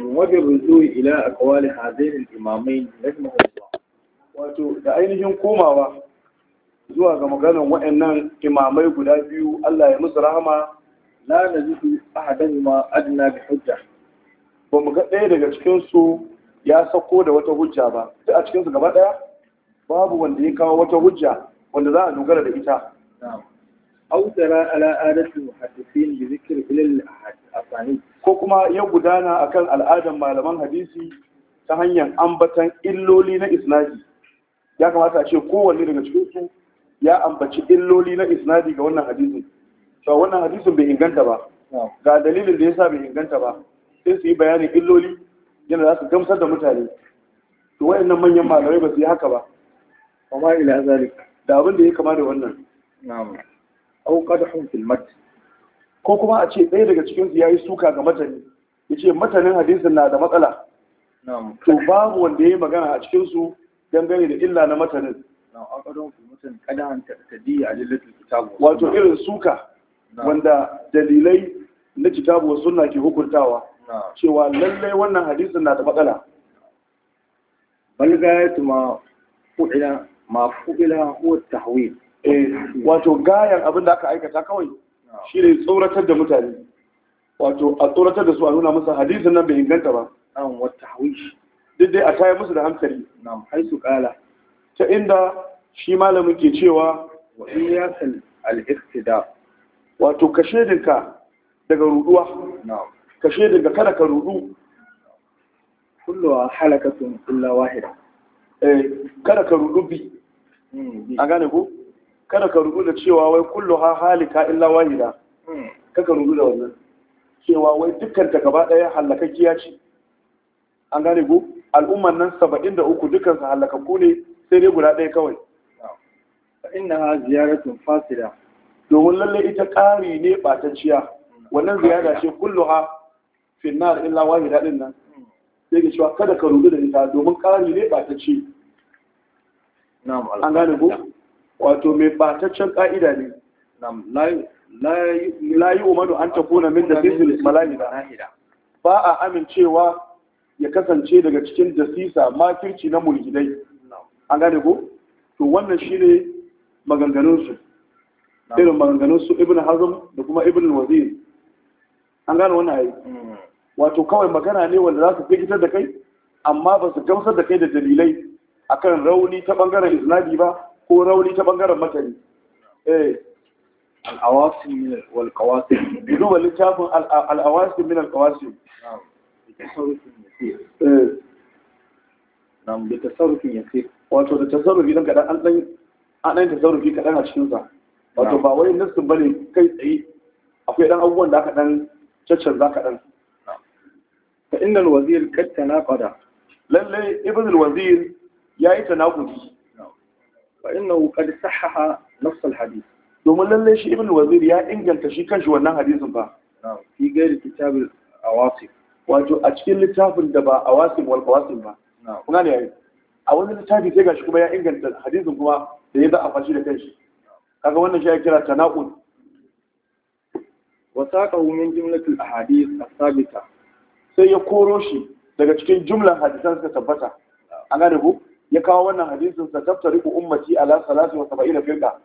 وبالرجوع إلى أقوال هذين الإمامين رحمه الله wato da ainihin komawa zuwa ga maganar waɗannan imamai guda biyu Allah ya musu rahama la najidu ahadahuma adna bi hujja ba mu ga ɗaya daga cikinsu su ya sako da wata hujja ba sai a cikin su gaba ɗaya babu wanda ya kawo wata hujja wanda za a dogara da ita أو ترى على آلة المحدثين بذكر ko kuma ya gudana akan al'adar malaman hadisi ta hanyar ambatan illoli na isnadi ya kamata a ce kowanne daga cikin su ya ambaci illoli na isnadi ga wannan hadisin to wannan hadisin bai inganta ba ga dalilin da yasa bai inganta ba sai su yi bayanin illoli yana za su gamsar da mutane to wayannan manyan malamai ba su yi haka ba amma ila zalik da abin da ya kama da wannan na'am au qadhum fil ko kuma a ce ɗaya daga cikin ya yi suka ga matani ya ce matanin hadisin na da matsala to babu wanda ya yi magana a cikinsu dangane da illa na matanin wato irin suka wanda dalilai na kitabu wa sunna ke hukuntawa cewa lallai wannan hadisin na da matsala balgayatu ma fu'ila ma fu'ila huwa tahwil eh, wato gayan abin da aka aikata kawai shi ne tsoratar da mutane wato a tsoratar da su a nuna musu hadisin nan bai inganta ba an wata hawishi duk dai a tayar musu da hankali na haisu kala ta inda shi malamin ke cewa wa iyakal al-iqtida wato ka shedinka daga ruduwa ka shedinka kada ka rudu kullu halakatun illa wahida eh kada ka rudu bi hmm, a gane ko kada ka rubu da cewa wai kullu ha halika illa wahida kaka rubu da wannan cewa wai dukkan ta gaba daya halakakkiya ce an gane ku al'umman nan 73 dukkan su halakakku ne sai dai guda daya kawai inna ha ziyaratun fasida domin lalle ita ƙari ne batacciya wannan ziyara ce kullu ha finnar illa wahida din nan sai ke cewa kada ka rubu da ita domin ƙari ne batacci an gane ku wato mai bataccen ka'ida ne la yi umaru an ta min da bizil malahida ba a amincewa ya kasance daga cikin dasisa makirci na mulkidai an gane ko to wannan shi ne maganganunsu irin maganganunsu ibn hazm da kuma ibn wazir an gane wannan ayi hmm. wato kawai magana ne wanda za su fitar da kai amma ba su gamsar da kai da dalilai akan rauni ta bangaren isnadi ba ko rauni ta bangaren matani eh al-awasim wal littafin al-awasim min al-qawasim na'am da eh. tasarrufin yasir wato da tasarrufi dan kadan an dan an dan tasarrufi kadan a cikin sa wato ba wai nasu bane kai tsaye akwai dan abubuwan da aka dan caccan za ka dan fa innal wazir qad tanaqada lalle ibn al-wazir yayi tanaqudi fa innahu qad sahaha nafs al-hadith domin lalle shi ibn wazir ya inganta shi kanshi wannan hadisin ba fi gairi kitabul awasif wato a cikin littafin da ba awasif wal qawasim ba kuna ne yayi a wani littafi sai gashi kuma ya inganta hadisin kuma da ya za a fashi da kanshi kaga wannan shi ya kira tanaqul wa saqahu min jumlatil ahadith as-sabita sai ya koro shi daga cikin jumlan hadisan suka tabbata an gane ku ya kawo wannan hadisin sa ku ummati ala salati wa sab'ina firqa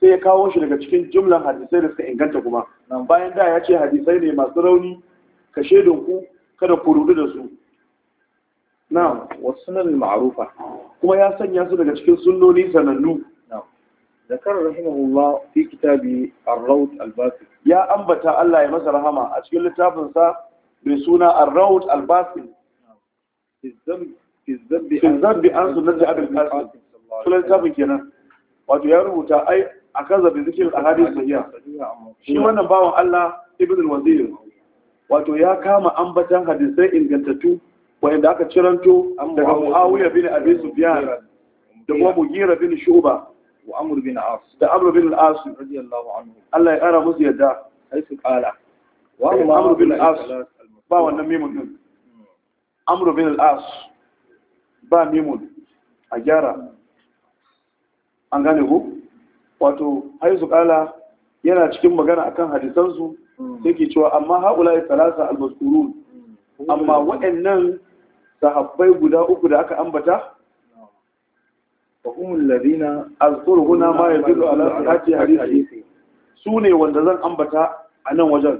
sai ya kawo shi daga cikin jumlan hadisai da suka inganta kuma bayan da ya ce hadisai ne masu rauni kashe shedon kada ku rudu da su na'am wa sunan ma'rufa kuma ya sanya su daga cikin sunnoni sanannu ذكر رحمه الله في كتابه الروض الباسل يا أنبتا الله يمس رحمة أشكل لتابنسا بسونا الروض الباسل الزمج izabbi an sunan da abin kasim sunan tabin kenan wato ya rubuta ai a kan zabi zikirin a hadin sahiya shi wannan bawan Allah ibn al-wazir wato ya kama ambatan hadisai ingantattu wanda aka ciranto daga Muawiya bin Abi Sufyan da kuma Mughira bin Shu'ba wa Amr bin As da Amr bin Al-As Allah ya kara musu yadda haisu qala wa Amr bin As ba wannan mimun din hmm. Amr bin Al-As ba mimun a gyara an gane ku wato haizu kala yana cikin magana akan hadisansu sai mm. ke cewa amma haula ya salasa almaskurun mm. amma waɗannan sahabbai guda uku da aka ambata wa umul ladina azkuruna ma yadullu ala sihhati hadisi su ne wanda zan ambata a nan wajen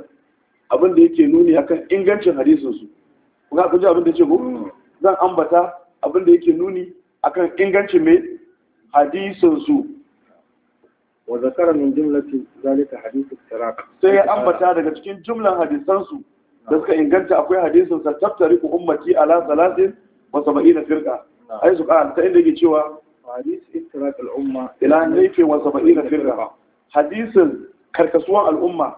abin da yake nuni akan ingancin hadisin su kuma ku ji abin da ce ku mm. zan ambata abin da yake nuni akan ingancin mai hadisin su wa zakara min jumlati zalika hadithu tarak sai ya ambata daga cikin jumlan hadisan su da suka inganta akwai hadisin sa ku ummati ala salatin wa sab'ina firqa ai su kan ta inda yake cewa hadis iftirak al-umma ila nayfi wa sab'ina firqa hadisin karkasuwan al'umma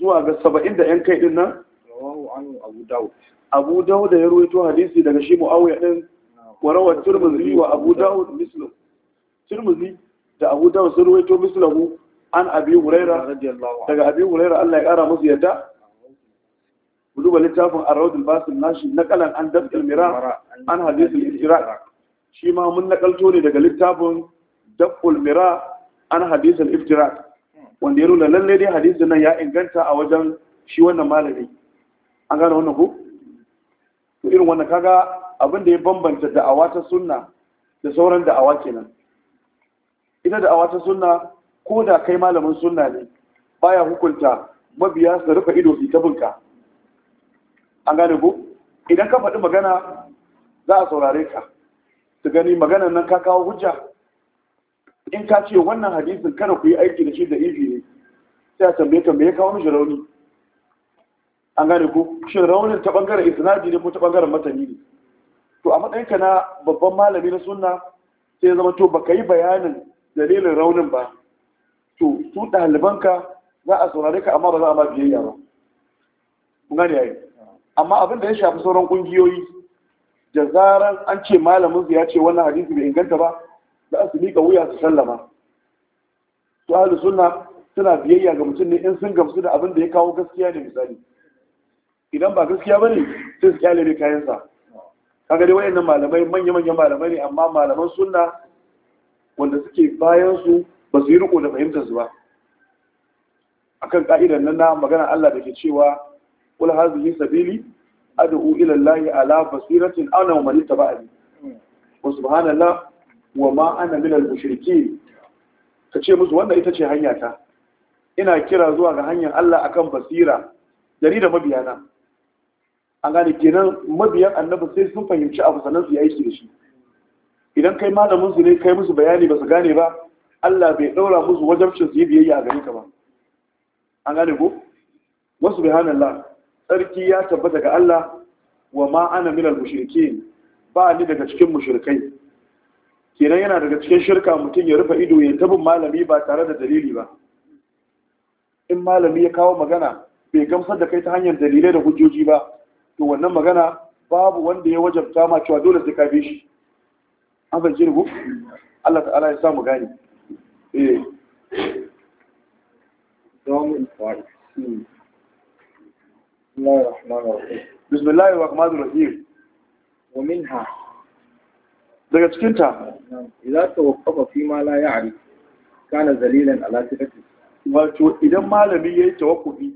zuwa ga 70 da yan kai din nan rawahu anhu abu daud abu daud ya ruwaito hadisi daga shi muawiya din وروى الترمذي وابو داود مثله الترمذي da Abu داود sun ruwaito mislahu an Abi Hurairah daga Abi Hurairah Allah ya kara musu yadda duba littafin Ar-Rawd al-Basim nashi an Dabd mira an Hadith من shi ma mun دفع ne daga littafin Dabd mira an wanda ya nuna lalle dai hadisin nan ya inganta a wajen shi wannan malami an gane wannan ko irin wannan kaga abin da ya bambanta da'awa ta sunna da sauran da'awa kenan ita da'awa ta sunna ko da kai malamin sunna ne baya hukunta mabiya su rufe ido su ta an gane ku, idan ka faɗi magana za a saurare ka su gani maganan nan ka kawo hujja in ka ce wannan hadisin kada ku yi aiki da shi da ifi ne sai a tambaye ka me kawo mishi rauni an gane ku, shin raunin ta bangaren isnadi ne ko ta bangaren matani ne to a matsayinka na babban malami na sunna sai ya zama to baka yi bayanin dalilin raunin ba to su ɗalibanka za a saurare ka amma ba za a ba biyayya ba kun gane yayi amma abin da ya shafi sauran ƙungiyoyi da zaran an ce malamin su ya ce wannan hadisi bai inganta ba za su miƙa wuya su sallama su ahlus sunna suna biyayya ga mutum ne in sun gamsu da abin da ya kawo gaskiya ne misali idan ba gaskiya bane sai su kyale ne kayansa kaga dai wayannan malamai manya-manyan malamai ne amma malaman sunna wanda suke bayan su ba su yi riko da fahimtar su ba akan ka'idar nan na magana Allah da ke cewa Kul hazihi sabili ad'u ila Allahi ala basiratin ana wa man ittaba'ani wa subhanallah wa ma ana min al Ka kace musu wannan ita ce hanya ta ina kira zuwa ga hanyar Allah akan basira dari da mabiyana an gane kenan mabiyan annabi sai sun fahimci abu sannan su yi aiki da shi idan kai malamin su ne kai musu bayani ba su gane ba Allah bai daura musu wajabcin su yi biyayya a gare ka ba an gane ko wasu bihanallah sarki ya tabbata ga Allah wa ma ana min al-mushrikin ba ni daga cikin mushrikai kenan yana daga cikin shirka mutum ya rufe ido ya tabin malami ba tare da dalili ba in malami ya kawo magana bai gamsar da kai ta hanyar dalilai da hujjoji ba to wannan magana babu wanda ya wajabta ma cewa dole sai ka bi shi an fahimci rubu Allah ta'ala ya samu gani eh بسم الله الرحمن الرحيم ومنها daga cikinta idza tawaffaqa fi ma la ya'rif kana zalilan ala sifati wato idan malami yayi tawaffufi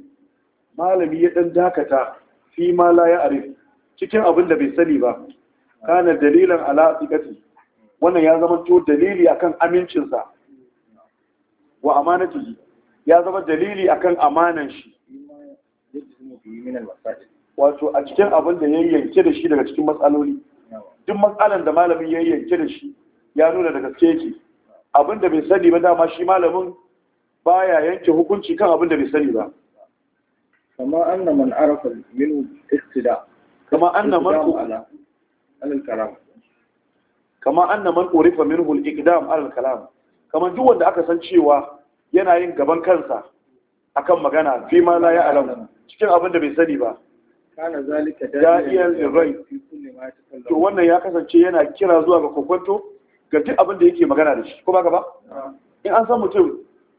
malami ya dan dakata fi ma la ya arif cikin abin da bai sani ba kana dalilan ala tsikati wannan ya zama to dalili akan amincinsa wa amanatihi ya zama dalili akan amanan shi wato a cikin abin da ya yanke da shi daga cikin matsaloli duk matsalan da malamin ya yanke da shi ya nuna da gaske yake abin da bai sani ba dama shi malamin baya yanke hukunci kan abin da bai sani ba كما أن من عرف منه الاقتداء كما أن من على الكلام كما أن من عرف منه الإقدام على الكلام كما wanda aka san cewa yana yin gaban kansa kan magana fi ma la ya alam cikin abin da bai sani ba ya iya da'iyan to wannan ya kasance yana kira zuwa ga kokonto ga duk abin da yake magana da shi ko ba ba in an san mutum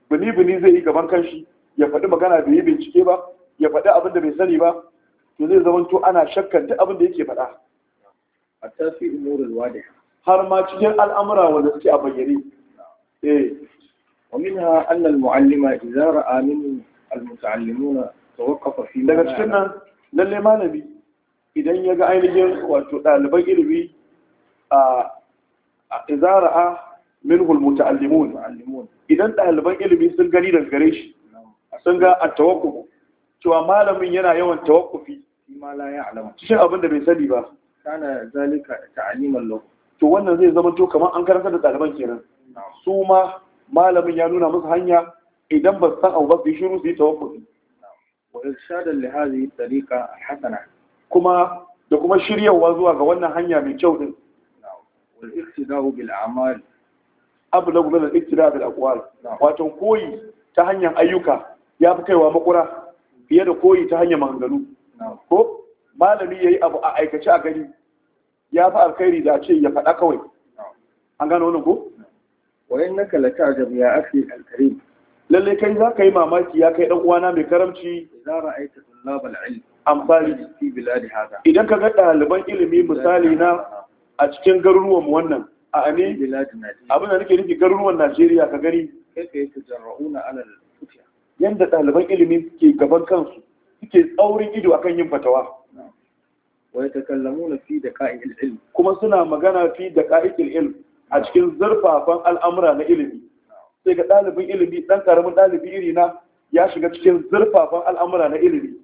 bini bini zai yi gaban kanshi ya faɗi magana bai yi bincike ba ya faɗi abin da bai sani ba to zai zama to ana shakkan duk abin da yake faɗa a tafi umurul wadi har ma cikin al'amura wanda suke a bayyane eh wa minha anna al-mu'allima idza ra'a min al-muta'allimuna tawaqqafa fi daga cikin nan lalle malami idan ya ga ainihin wato ɗaliban ilimi a idza ra'a minhu al-muta'allimun idan ɗaliban ilimi sun gani daga gare shi sun ga at-tawaqquf cewa malamin yana yawan tawakkufi ma la ya'lam cikin abin bai sani ba kana zalika ta'aliman lahu to wannan zai zama to kamar an karanta da ɗaliban kenan su ma malamin ya nuna musu hanya idan ba san abu ba su shiru su yi tawakkufi wa irshadan li hadhihi tariqa hasana kuma da kuma shiryawa zuwa ga wannan hanya mai kyau din wa iktida'u bil a'mal ablagu min al iktida' bil aqwal wato koyi ta hanyar ayyuka ya fi kaiwa makura fiye da koyi ta hanyar maganganu ko malami ya yi abu a aikace a gani ya fi alkhairi da ce ya faɗa kawai an gano wani ko wayan na la ta'jab ya akhi al-karim lalle kai za ka yi mamaki ya kai ɗan uwana mai karamci za ra'aita tullab al amfani idan ka ga ɗaliban ilimi misali na a cikin garuruwan wannan a ne abin da nake nufi garuruwan Najeriya ka gani kai ka yi alal yadda ɗaliban ilimi suke gaban kansu suke tsaurin ido akan yin fatawa wa yatakallamuna fi daqa'iqil ilm kuma suna magana fi daqa'iqil ilm a cikin zurfafan al'amura na ilimi sai ga ɗalibin ilimi ɗan ƙaramin ɗalibi iri na ya shiga cikin zurfafan al'amura na ilimi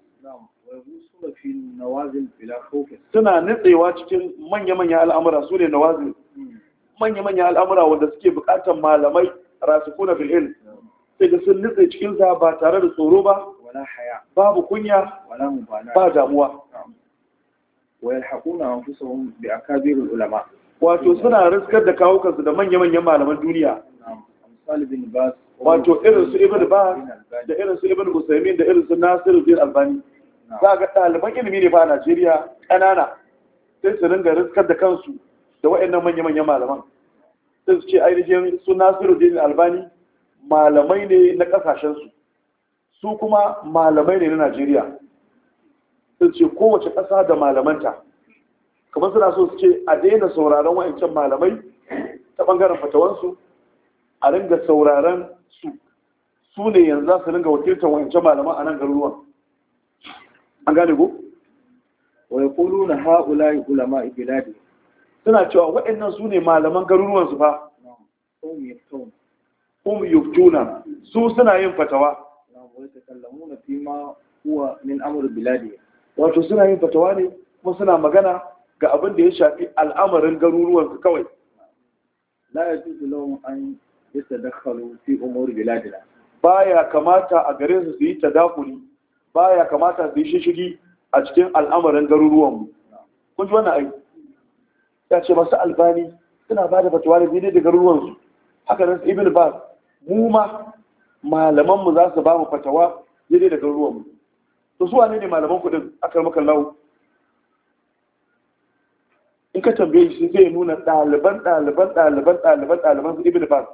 suna nitsewa cikin manya-manya al'amura su ne nawazil hmm. manya-manya al'amura wanda suke buƙatar malamai kuna fil ilm sai sun nutse cikinsa ba tare da tsoro ba babu kunya ba damuwa wayar haƙuna an bi a ulama wato suna riskar da kawo kansu da manya-manyan malaman duniya wato irin su ibn ba da irin su ibn usaimin da irin su nasiru bin albani za ga ɗaliban ilimi ne ba a najeriya ƙanana sai su ringa riskar da kansu da wa'annan manya-manyan malaman sai su ce ainihin su nasiru bin albani malamai ne na kasashen su kuma malamai ne na najeriya sun ce kowace ƙasa da malamanta kamar suna so su ce a daina sauraron wa'ancan malamai ta bangaren fatawansu a ringa sauraron su su ne yanzu za su ringa wakiltar wa'ancan malaman a nan garuruwan an gane ko wai yaqulu na haula ulama biladi suna cewa wa'annan su ne malaman garuruwan su fa hum yuftuna su suna yin fatawa wato suna yin fatawa ne kuma suna magana ga abin da ya shafi al'amarin garuruwan su kawai la yajuzu lahum an yatadakhalu fi umur biladina baya kamata a gare su su yi tadakuli ya kamata su yi shishigi a cikin al'amarin garuruwanmu kun ji wannan ai ya ce masu albani suna ba da fatawa ne daidai da garuruwansu haka nan ibn bas mu ma malamanmu za su ba mu fatawa daidai da garuruwanmu to su wane ne malaman kuɗin akar makallahu in ka tambaye shi zai nuna ɗaliban ɗaliban ɗaliban ɗaliban ɗaliban su ibn bas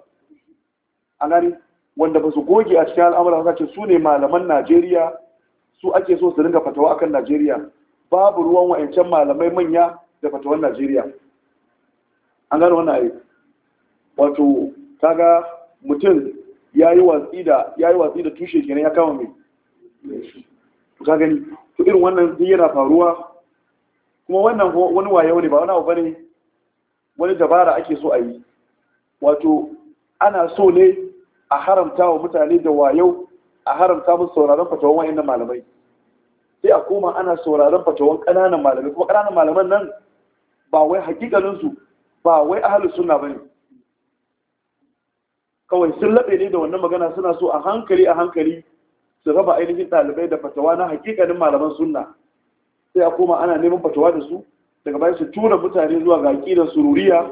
a nari wanda ba su goge a cikin al'amuran ba ce su ne malaman najeriya su ake so su ringa fatawa akan najeriya babu ruwan wa'ancan malamai manya da fatawan najeriya an gano wannan ayi wato kaga mutum ya yi watsi da tushe kenan ya kama mai to ka gani to irin wannan zai yana faruwa kuma wannan wani wayo ne ba wani abu bane wani dabara ake so a yi wato ana so ne a haramta wa mutane da wayo a haramta musu sauraron fatawan wayannan malamai sai a koma ana sauraron fatawan ƙananan malamai kuma ƙananan malaman nan ba wai hakikalinsu ba wai ahalussunna ba ne. kawai sun laɓe ne da wannan magana suna so a hankali a hankali su raba ainihin ɗalibai da fatawa na hakikanin malaman sunna sai a koma ana neman fatawa da su daga bayan su tura mutane zuwa ga aƙidar sururiya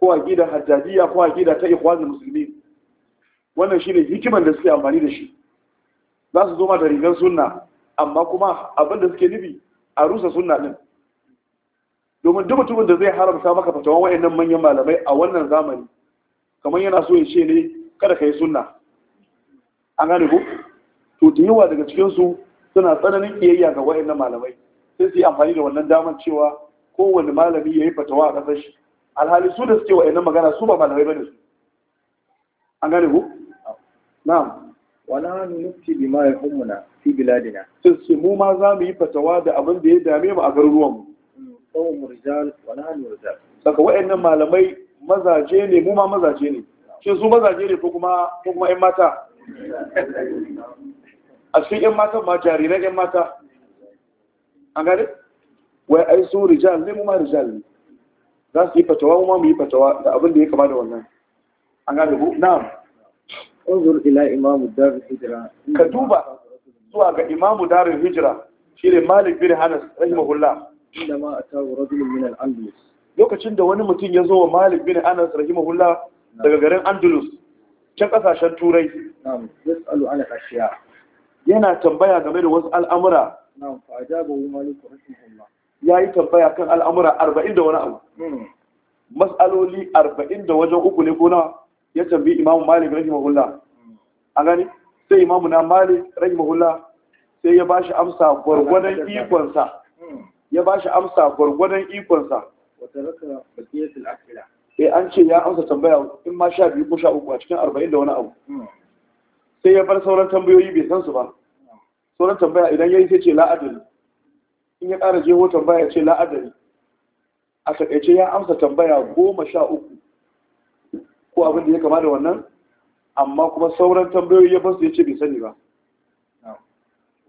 ko aƙidar hajjajiya ko aƙidar ta da musulmi wannan shi ne hikiman da suke amfani da shi za su zo ma da rigar sunna amma kuma abin da suke nufi a rusa sunna din domin duk mutumin da zai haramta maka fatawa wayannan manyan malamai a wannan zamani kamar yana so ya ce ne kada ka yi suna. an gane ku to da yawa daga cikinsu suna tsananin kiyayya ga na malamai sai su yi amfani da wannan damar cewa kowane malami ya yi fatawa a ƙasar shi alhali su da suke wa'annan magana su ba malamai bane su an gane ku na'am wala nufti bima yahummuna fi biladina sai su mu ma za mu yi fatawa da abin da ya dame mu a garuruwanmu tsawon murjal wala nurjal saka wa'annan malamai mazaje ne mu ma mazaje ne shin su mazaje ne ko kuma 'yan ƴan mata a cikin ƴan mata ma jariran ƴan mata an gari? wai ai su rijal ne mu ma rijal ne za su yi fatawa mu ma mu yi fatawa da abin da ya kama da wannan an gane ku na'am ila imamu darin hijira. Ka duba zuwa ga imamu darin hijira shi ne malik bin hanas rahimahullah inda ma a tawo rajulun min al-andalus lokacin da wani mutum ya zo wa malik bin anas rahimahullah daga garin andalus can kasashen turai yana tambaya game da wasu al'amura ya yi tambaya kan al'amura arba'in da wani abu hmm. matsaloli arba'in da wajen uku ne ko ya tambayi imamu malik rahimahullah a gani sai imamu na malik rahimahullah sai ya ba shi amsa gwargwadon ikonsa hmm. ya ba shi amsa gwargwadon ikonsa eh an ce ya amsa tambaya in ma sha biyu ko sha uku a cikin arba'in da wani abu sai ya bar sauran tambayoyi bai san su ba sauran tambaya idan ya yi sai ce la'adari in ya ƙara jeho tambaya ce la'adari a takaice ya amsa tambaya goma sha uku ko abin da ya kama da wannan amma kuma sauran tambayoyi ya su ya ce bai sani ba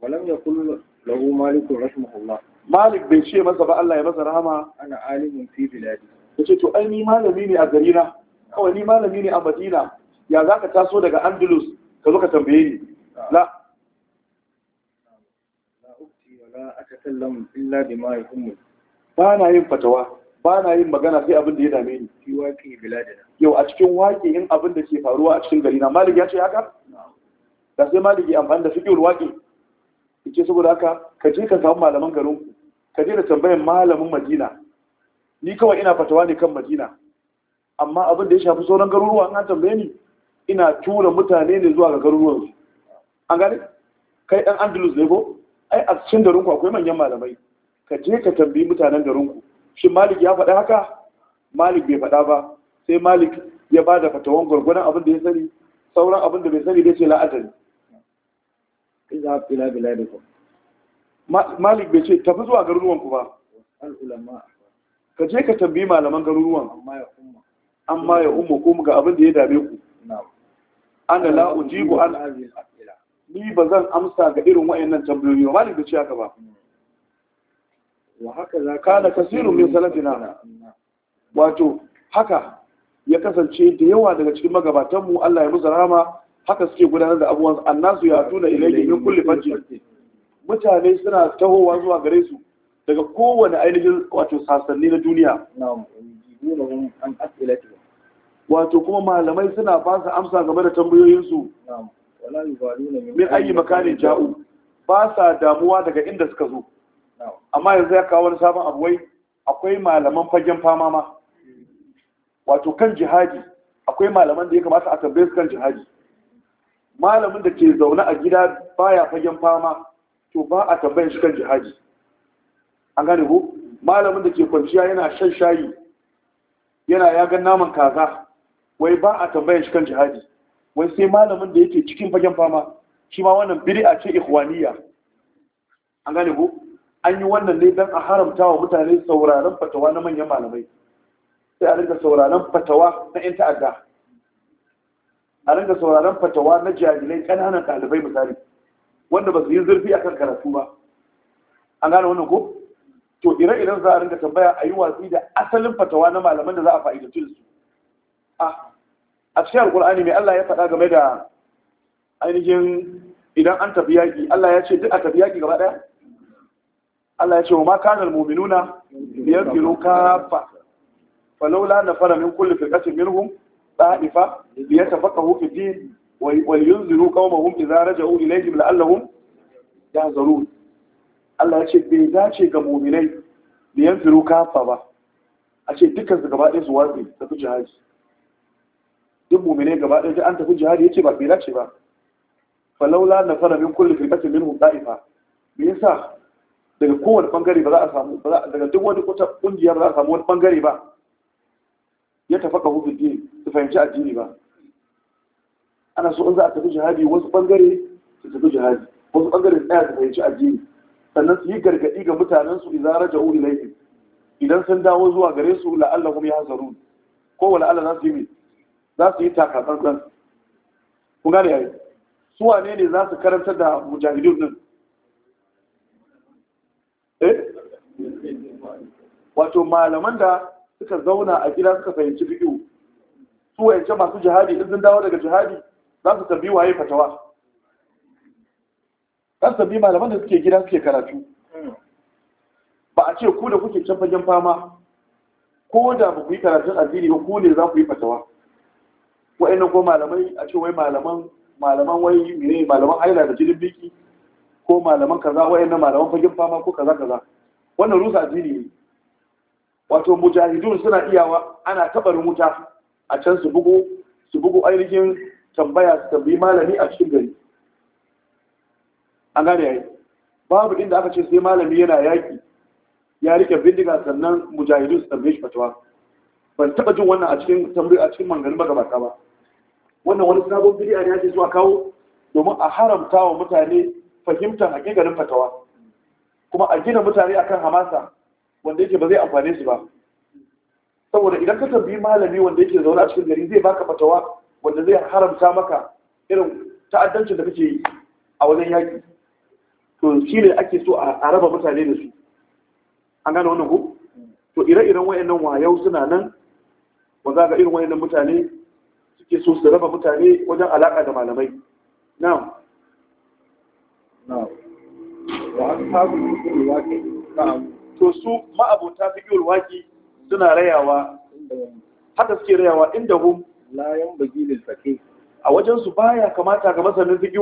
walam ya kullu lahu malikun rahimahullah malik bai ce masa ba Allah ya masa rahama ana alimin fi biladi yace to ai ni malami ne a gari na kawai ni malami ne a madina ya zaka taso daga andalus ka zo ka tambaye ni la la atakallamu illa bima yahummu ba na yin fatawa ba na yin magana sai abin da ya dame ni fi waƙi biladina yau a cikin waƙi in abin da ke faruwa a cikin gari na malik ya ce haka da sai malik ya amfani da fiqhul waƙi yace saboda haka ka je ka samu malaman garin ku ka na tambayan malamin madina ni kawai ina fatawa ne kan madina amma abin da ya shafi sauran garuruwa an tambaye ni ina tura mutane ne zuwa ga garuruwansu an gane kai ɗan andalus ne ko ai a cikin garinku akwai manyan malamai ka je ka tambayi mutanen garinku shin malik ya faɗa haka malik bai faɗa ba sai malik ya ba da fatawan gwargwadon abin da ya sani sauran abin da bai sani dai ce la'adari. Ina fila bila da kuma. malik bai ce tafi zuwa garuruwan ku ba ka je ka tambayi malaman garuruwan amma ya umma ko ga abin da ya dame ku ana la ujibu an ni ba zan amsa ga irin wayannan tambayoyi ba malik bai ce haka ba wa haka za ka da kasiru min salatina wato haka ya kasance da yawa daga cikin magabatanmu Allah ya musu rahama haka suke gudanar da abubuwan annasu ya tuna ilayhi min kulli fajr mutane suna tahowa zuwa gare su daga kowane ainihin wato sasanni na duniya wato kuma malamai suna ba amsa game da tambayoyinsu min ayi makanin ja'u ba sa damuwa daga inda suka zo amma yanzu ya kawo wani sabon abuwai akwai malaman fagen fama ma wato kan jihadi akwai malaman da ya kamata a tambaye su kan jihadi malamin da ke zaune a gida baya fagen fama to ba a tambayin shi kan jihadi an gane ko malamin da ke kwanciya yana shan shayi yana yagan naman kaza wai ba a tambayin shi kan jihadi wai sai malamin da yake cikin fagen fama shi ma wannan bid'a ce ikhwaniya an gane ko an yi wannan ne don a haramta wa mutane sauraron fatawa na manyan malamai sai a rinka sauraron fatawa na 'yan ta'adda a rinka sauraron fatawa na jahilai ƙananan ɗalibai misali wanda ba su yi zurfi a kan karatu ba an gane wannan ko to ire-iren za a rinka tambaya a yi watsi da asalin fatawa na malaman da za a fa'ida su ah, a cikin alkur'ani mai Allah ya faɗa game da ainihin idan an tafi yaƙi Allah ya ce duk a tafi yaƙi gaba ɗaya Allah ya ce wa ma kanar muminuna biyar biro kafa falola na fara min kulle firƙasin minhum ɗa'ifa biyar tafaka hufi din ولينذروا قومهم إذا رجعوا إليهم لعلهم يحذرون Allah ya ce bai dace ga muminai da yanfiru kafa ba a ce dukkan su gaba ɗaya su ta fi jihadi duk muminai gaba ɗaya an tafi jihadi ya ce ba bai dace ba falaula na fara min kulli firqatin minhum da'ifa me yasa daga kowane bangare ba za a samu daga duk wani kuta kungiya ba za a samu wani bangare ba ya tafaka hudu su fahimci addini ba ana so in za a tafi jihadi wasu bangare su tafi jihadi wasu bangare su tsaya su fahimci addini sannan su yi gargaɗi ga mutanen su idan wuri laifin idan sun dawo zuwa gare su ya yahzarun ko wa la'alla za su yi za su yi takatsantsan kun gane yayi su wane ne za su karanta da mujahidin nan eh wato malaman da suka zauna a gida suka fahimci fiƙi su wayance masu jihadi in sun dawo daga jihadi za su tambi waye fatawa za su tambi malaman da suke gida suke karatu ba a ce ku da kuke can fagen fama ko da ba ku yi karatun addini ba ku ne za ku yi fatawa ina ko malamai a ce wai malaman malaman wai mene malaman haila da jirin biki ko malaman kaza ne malaman fagen fama ko kaza kaza wannan rusa addini ne wato mujahidun suna iyawa ana tabarin wuta a can su bugu su bugu ainihin tambaya su tambayi malami a cikin gari a gari yayi babu inda aka ce sai malami yana yaki ya rike bindiga sannan mujahidin su tambaye shi fatawa ban taba jin wannan a cikin tambayi a cikin manganin baka ba wannan wani sabon bidiya ne ake zuwa kawo domin a haramta wa mutane fahimtar hakikanin fatawa kuma a gina mutane akan hamasa wanda yake ba zai amfane su ba saboda idan ka tambayi malami wanda yake zaune a cikin gari zai baka fatawa wanda zai haramta maka irin ta'addancin da kake yi a wajen yaƙi to shi ne ake so a raba mutane da su an gane wannan ku to ire-iren wayannan wayau suna nan za ga irin wayannan mutane suke so su raba mutane wajen alaƙa da malamai Na na'am wa ashabu to su ma'abota yi waki suna rayawa haka suke rayawa inda hum la yanbaghi lil faqih a wajen su baya kamata ga masanin fiqh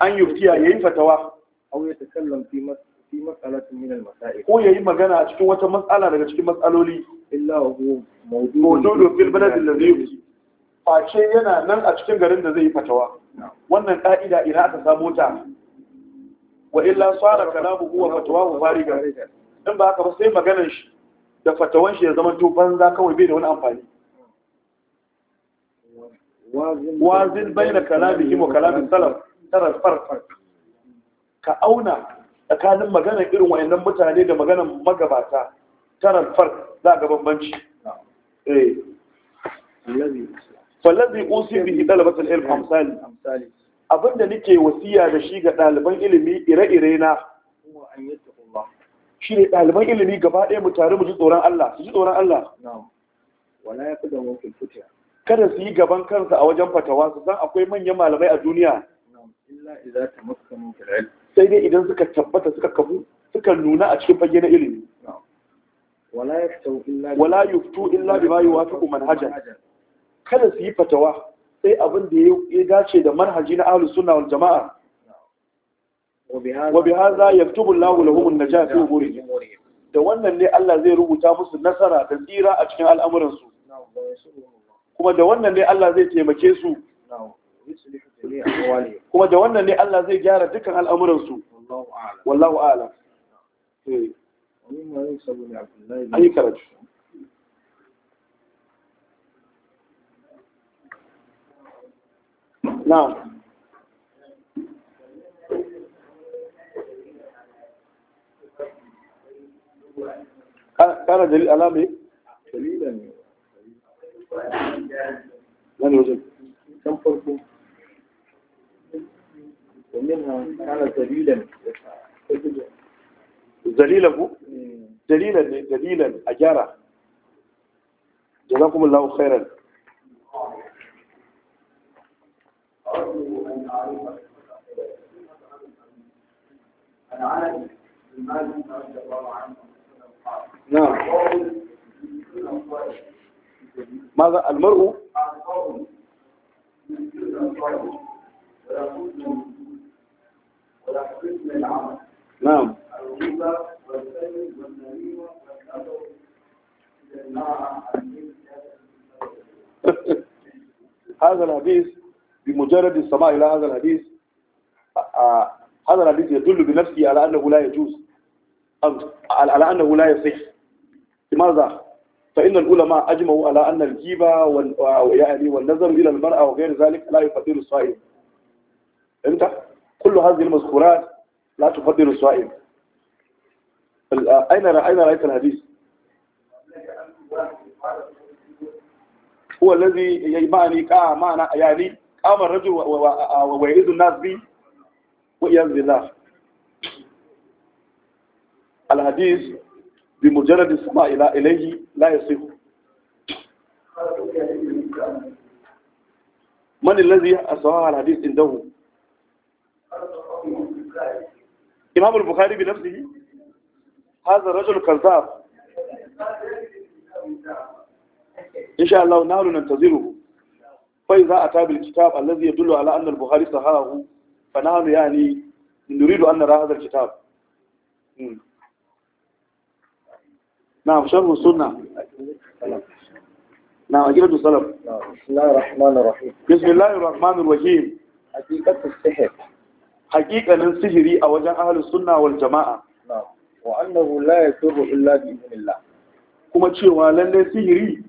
an yuftiya yayin fatawa aw yatakallam fi mas fi mas'alatin min al masail ko yayin magana a cikin wata mas'ala daga cikin mas'aloli illa huwa mawdu'un fil balad alladhi yufti yana nan a cikin garin da zai yi fatawa wannan ka'ida ina aka samo ta wa illa sara kalamu huwa fatawahu fariga in ba haka ba sai maganar shi da fatawan shi ya zama to banza kawai bai da wani amfani wazin baina kalamihim wa kalamin salaf tara farfar ka auna tsakanin magana irin wayannan mutane da maganar magabata tara farf za ga bambanci eh fallazi usi bihi talabat al-ilm amsali abinda nake wasiya da shi ga daliban ilimi ire-ire na shi ne daliban ilimi gaba ɗaya mu tare mu ji tsoron Allah su ji tsoron Allah wala ya fi da wakil fitiya kada su yi gaban kansu a wajen fatawa su san akwai manyan malamai a duniya sai dai idan suka tabbata suka kafu suka nuna a cikin fage na ilimi wala yuftu illa bima yuwafiqu manhajar. kada su yi fatawa sai abin da ya dace da manhaji na ahalus suna wal jama'a wa bihaza yaktubu Allahu lahum an-najat fi umurihim da wannan ne Allah zai rubuta musu nasara da tsira a cikin al'amuransu kuma da wannan ne Allah zai taimake su kuma da wannan ne Allah zai gyara dukkan al'amuransu wallahu a'lam eh. ayi kana dalil alamai? dalilan من وجد كم فرقه ومنها كان ذليلا ذليلا ذليلا ذليلا أجارة جزاكم الله خيرا نعم ماذا المرء نعم هذا الحديث بمجرد السماع إلى هذا الحديث آه، آه، هذا الحديث يدل بنفسه على أنه لا يجوز على أنه لا يصح لماذا؟ فإن العلماء أجمعوا على أن الجيبة يعني والنظر إلى المرأة وغير ذلك لا يفضل الصائم أنت كل هذه المذكورات لا تفضل الصائم أين أين رأيت الحديث؟ هو الذي يعني معنى يعني قام الرجل ويعيد الناس به وإياذ بالله الحديث bi mujarrad sama ila ilayhi la yasih man alladhi asaha alhadith indahu imam al-bukhari bi nafsihi hadha rajul kazzab إن شاء الله نحن ننتظره فإذا أتى بالكتاب الذي يدل على أن البخاري صححه فنحن يعني نريد أن نرى هذا الكتاب مم. نعم شرح السنة نعم عقيدة السلف بسم الله الرحمن الرحيم بسم الله الرحمن الرحيم حقيقة السحر حقيقة السحر أوجه أهل السنة والجماعة نعم وأنه لا يسر إلا بإذن الله كما تشيوا لأن السحر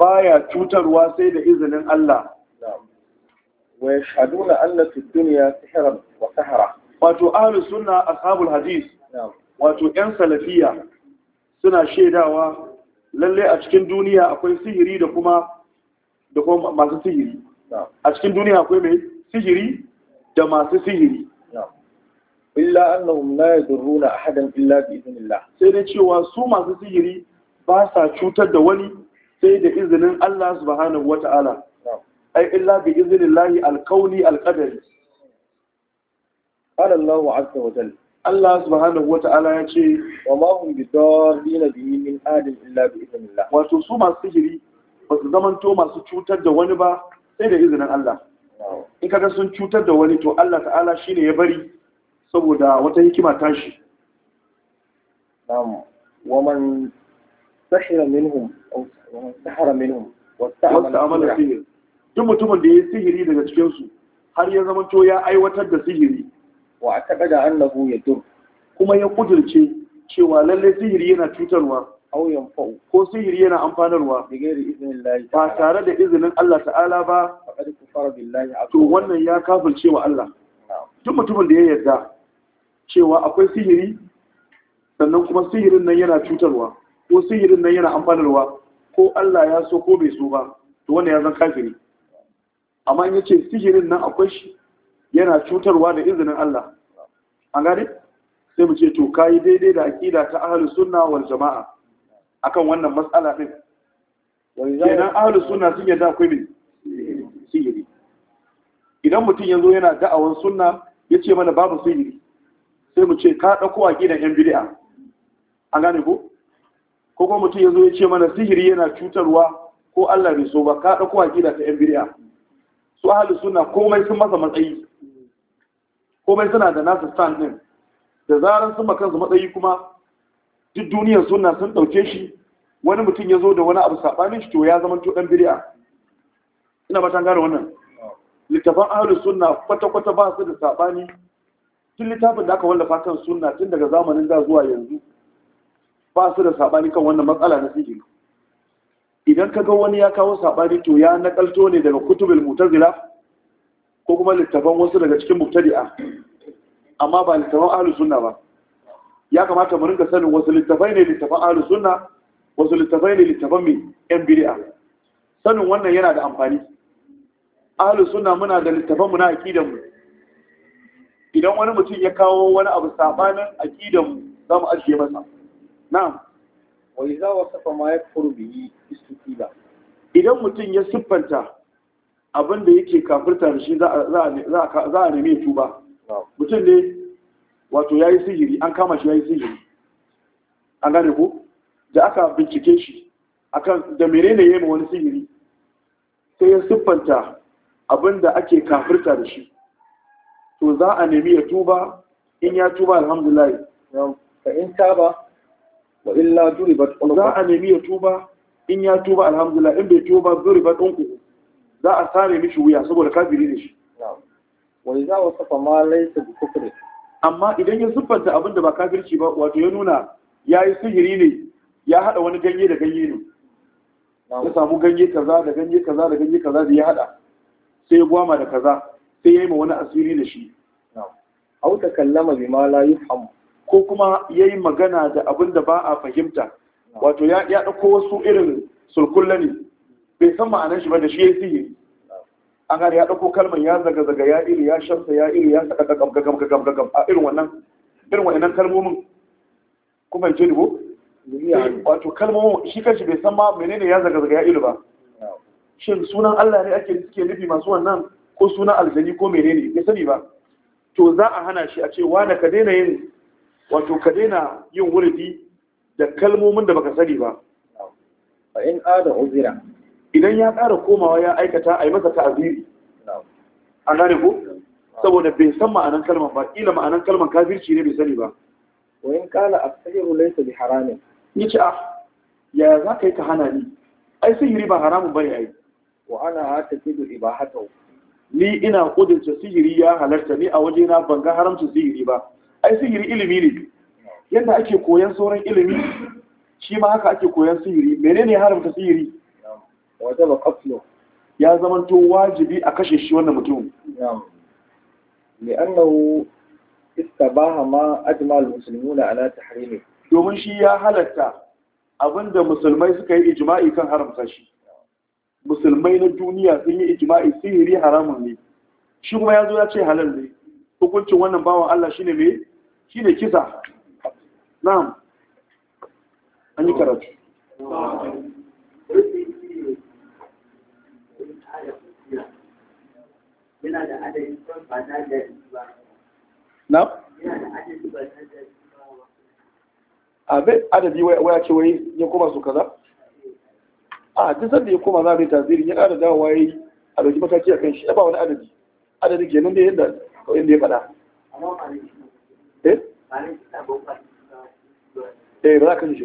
بايا توتر واسيد إذن الله نعم ويشهدون أن في الدنيا سحرا وسحرا واتو أهل السنة أصحاب الحديث نعم واتو أن سلفية suna shaidawa lalle a cikin duniya akwai sihiri da kuma da kuma masu sihiri a cikin duniya akwai mai sihiri da masu sihiri illa annahum la yadurruna ahadan illa bi idnillah sai dai cewa su masu sihiri ba sa cutar da wani sai da izinin Allah subhanahu wata'ala ai illa bi idnillah alkauni alqadari qala azza wa jalla Allah subhanahu wata'ala ya ce wa ma hum bidarrina bihi min adin illa bi idnillah wato su masu sihiri ba su to masu cutar da wani ba sai da izinin Allah in kaga sun cutar da wani to Allah ta'ala shine ya bari saboda wata hikima tashi na'am wa man sahira minhum aw sahara minhum sihir duk mutumin da ya sihiri daga cikin su har ya to ya aiwatar da sihiri wa aka daga annahu ya dur kuma ya kudirce cewa lalle sihiri yana cutarwa aw fa'u ko sihiri yana amfanarwa ba tare da izinin Allah ta'ala ba billahi to wannan ya kafirce wa Allah duk mutumin da ya yarda cewa akwai sihiri sannan kuma sihirin nan yana cutarwa ko sihirin nan yana amfanarwa ko Allah ya so ko bai so ba to wannan ya zan kafiri amma in yace sihirin nan akwai shi yana cutarwa da izinin Allah an gane sai mu ce to kai daidai da aqida ta ahlus sunna wal jamaa akan wannan matsala din kenan ahlus sunna sun yadda akwai ne sihiri idan mutum yanzu yana da'awan sunna yace mana babu sihiri sai mu ce ka dauko aqidan yan bid'a an gane ko ko kuma mutum yanzu yace mana sihiri yana cutarwa ko Allah bai so ba ka dauko aqida ta yan bid'a su ahlus sunna komai sun masa matsayi komai suna da nasu stand din da zarar sun kansu matsayi kuma duk duniyar sunna sun ɗauke shi wani mutum ya zo da wani abu saɓanin shi to ya zama to ɗan biriya. ina ba gane wannan Littafin ahalu sunna kwata-kwata ba su da saɓani tun littafin da aka wallafa kan sunna tun daga zamanin da zuwa yanzu ba su da saɓani kan wannan matsala na sihiri idan ka ga wani ya kawo saɓani to ya nakalto ne daga kutubul mutazila ko kuma littafan wasu daga cikin mubtadi'a amma ba littafan ahlus sunna ba ya kamata mu rinka sanin wasu littafai ne littafan ahlus sunna wasu littafai ne littafan mai yan bid'a sanin wannan yana da amfani ahlus sunna muna da littafan mu na aqidan mu idan wani mutum ya kawo wani abu sabanin aqidan mu za mu ajiye masa na'am wa idza wasafa ma yakfuru bihi istiqila idan mutum ya siffanta abin da yake kafirta da shi za a neme tuba mutum ne wato ya yi sihiri an kama shi ya yi sihiri an gane ku da aka bincike shi akan da menene ya yi wani sihiri sai ya siffanta abin da ake kafirta da shi to za a nemi ya tuba in ya tuba alhamdulillah ka in taba wa illa duribat za a nemi ya tuba in ya tuba alhamdulillah in bai tuba ba ɗan unku za a sare mishi wuya saboda kafiri ne shi wani za a safa ma laisa da kufri amma idan ya siffanta abin da ba kafirci ba wato ya nuna ya yi sihiri ne ya haɗa wani ganye da ganye ne ya samu ganye kaza da ganye kaza da ganye kaza da ya haɗa sai ya gwama da kaza sai ya yi ma wani asiri da shi au ta kallama bi ma la yufham ko kuma ya yi magana da abin da ba a fahimta wato ya ɗauko wasu irin sulkulla ne bai san ma'anar shi ba da shi ya siye. an gane ya ɗauko kalmar ya zaga zaga ya iri ya shamsa ya iri ya saka gagam gagam gagam gagam a irin wannan irin wannan kalmomin kuma ce ko? wato kalmomin shi kanshi bai san ma menene ya zaga zaga ya iri ba shin sunan Allah ne ake suke nufi masu wannan ko sunan aljani ko menene ya sani ba to za a hana shi a ce wani ka daina yin wato ka daina yin wurdi da kalmomin da baka sani ba in ada uzira idan ya ƙara komawa ya aikata a yi masa ta'aziri A gane ku! saboda bai san ma'anan kalmar ba ila ma'anan kalmar kafirci ne bai sani ba wa kala a as-sihru laysa bi haramin yace ah ya za ka yi ka hana ni ai sihiri ba haramun bane ai wa ana atakidu ibahatahu ni ina kudinta sihiri ya halarta ni a waje na ban ga haramcin sihiri ba ai sihiri ilimi ne yadda ake koyan sauran ilimi shi ma haka ake koyan sihiri menene haramta sihiri wajaba qatlu ya zamanto wajibi a kashe shi wannan mutum na'am li'annahu istabaha ma ajmal muslimuna ala tahrimi domin shi ya halatta abinda musulmai suka yi ijma'i kan haramta shi musulmai na duniya sun yi ijma'i sihiri haramun ne shi kuma ya zo ya ce halal ne hukuncin wannan bawan Allah shine me shine kisa na'am an yi karatu yana da adadi ba na jari ba na yana da adadi ba na jari abin adadi waya ce wai ya koma su kaza a duk sanda ya koma za a yi tasiri ya ƙara dawowa ya yi a ɗauki mataki a kan shi ba wani adadi adadi kenan da yadda kawai da ya faɗa eh eh ba za ka shi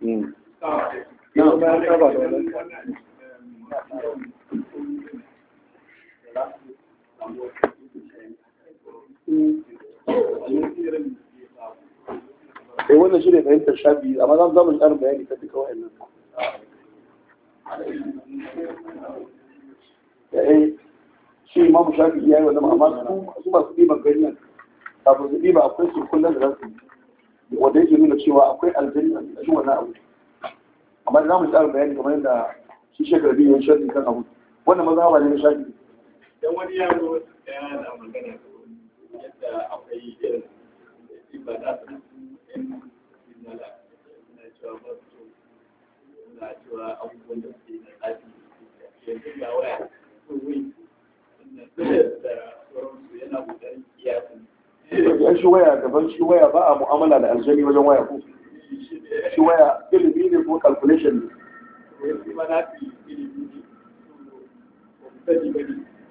hmm. ba na ba ta ba ايه وانا جيري فانت شابي اما دام دام الارب يعني فاتك هو يعني ايه شي ما مش عارف ايه ولا ما عملت ما في بقى بيننا طب دي بقى قصه كل الناس ودي جميل شيء واقوي البن شو انا اقول اما دام الارب يعني كمان ده شي شكل دي وشد كان وانا ما ظهر لي شكل don wani yaro na magana yadda akwai irin ba za su yan zinala na cewa ba su so na cewa abubuwan da suke na tsafi yanzu ga waya su wai da sauransu yana kokarin kiyasin yan shi waya daban shi waya ba a mu'amala da aljani wajen waya ko shi waya ilimi ne ko calculation ne. Wani ma na fi ilimi ne ko sani ba ne.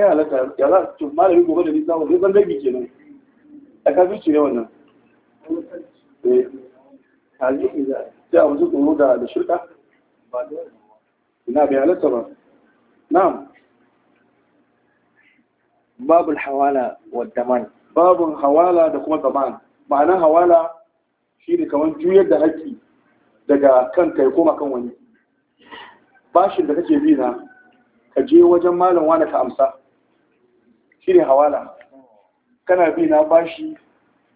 ya halatta ya za su gobe da nisa wanda zan dangi a kafin ci ne da eh, wasu tsoro da da shirka babul hawala da kuma daman ma'anar hawala shi ne kamar juyar da haƙƙi daga kanka ya koma kan wani bashin da kake bi na ka je wajen malam wani ka amsa shi hawala kana bi na bashi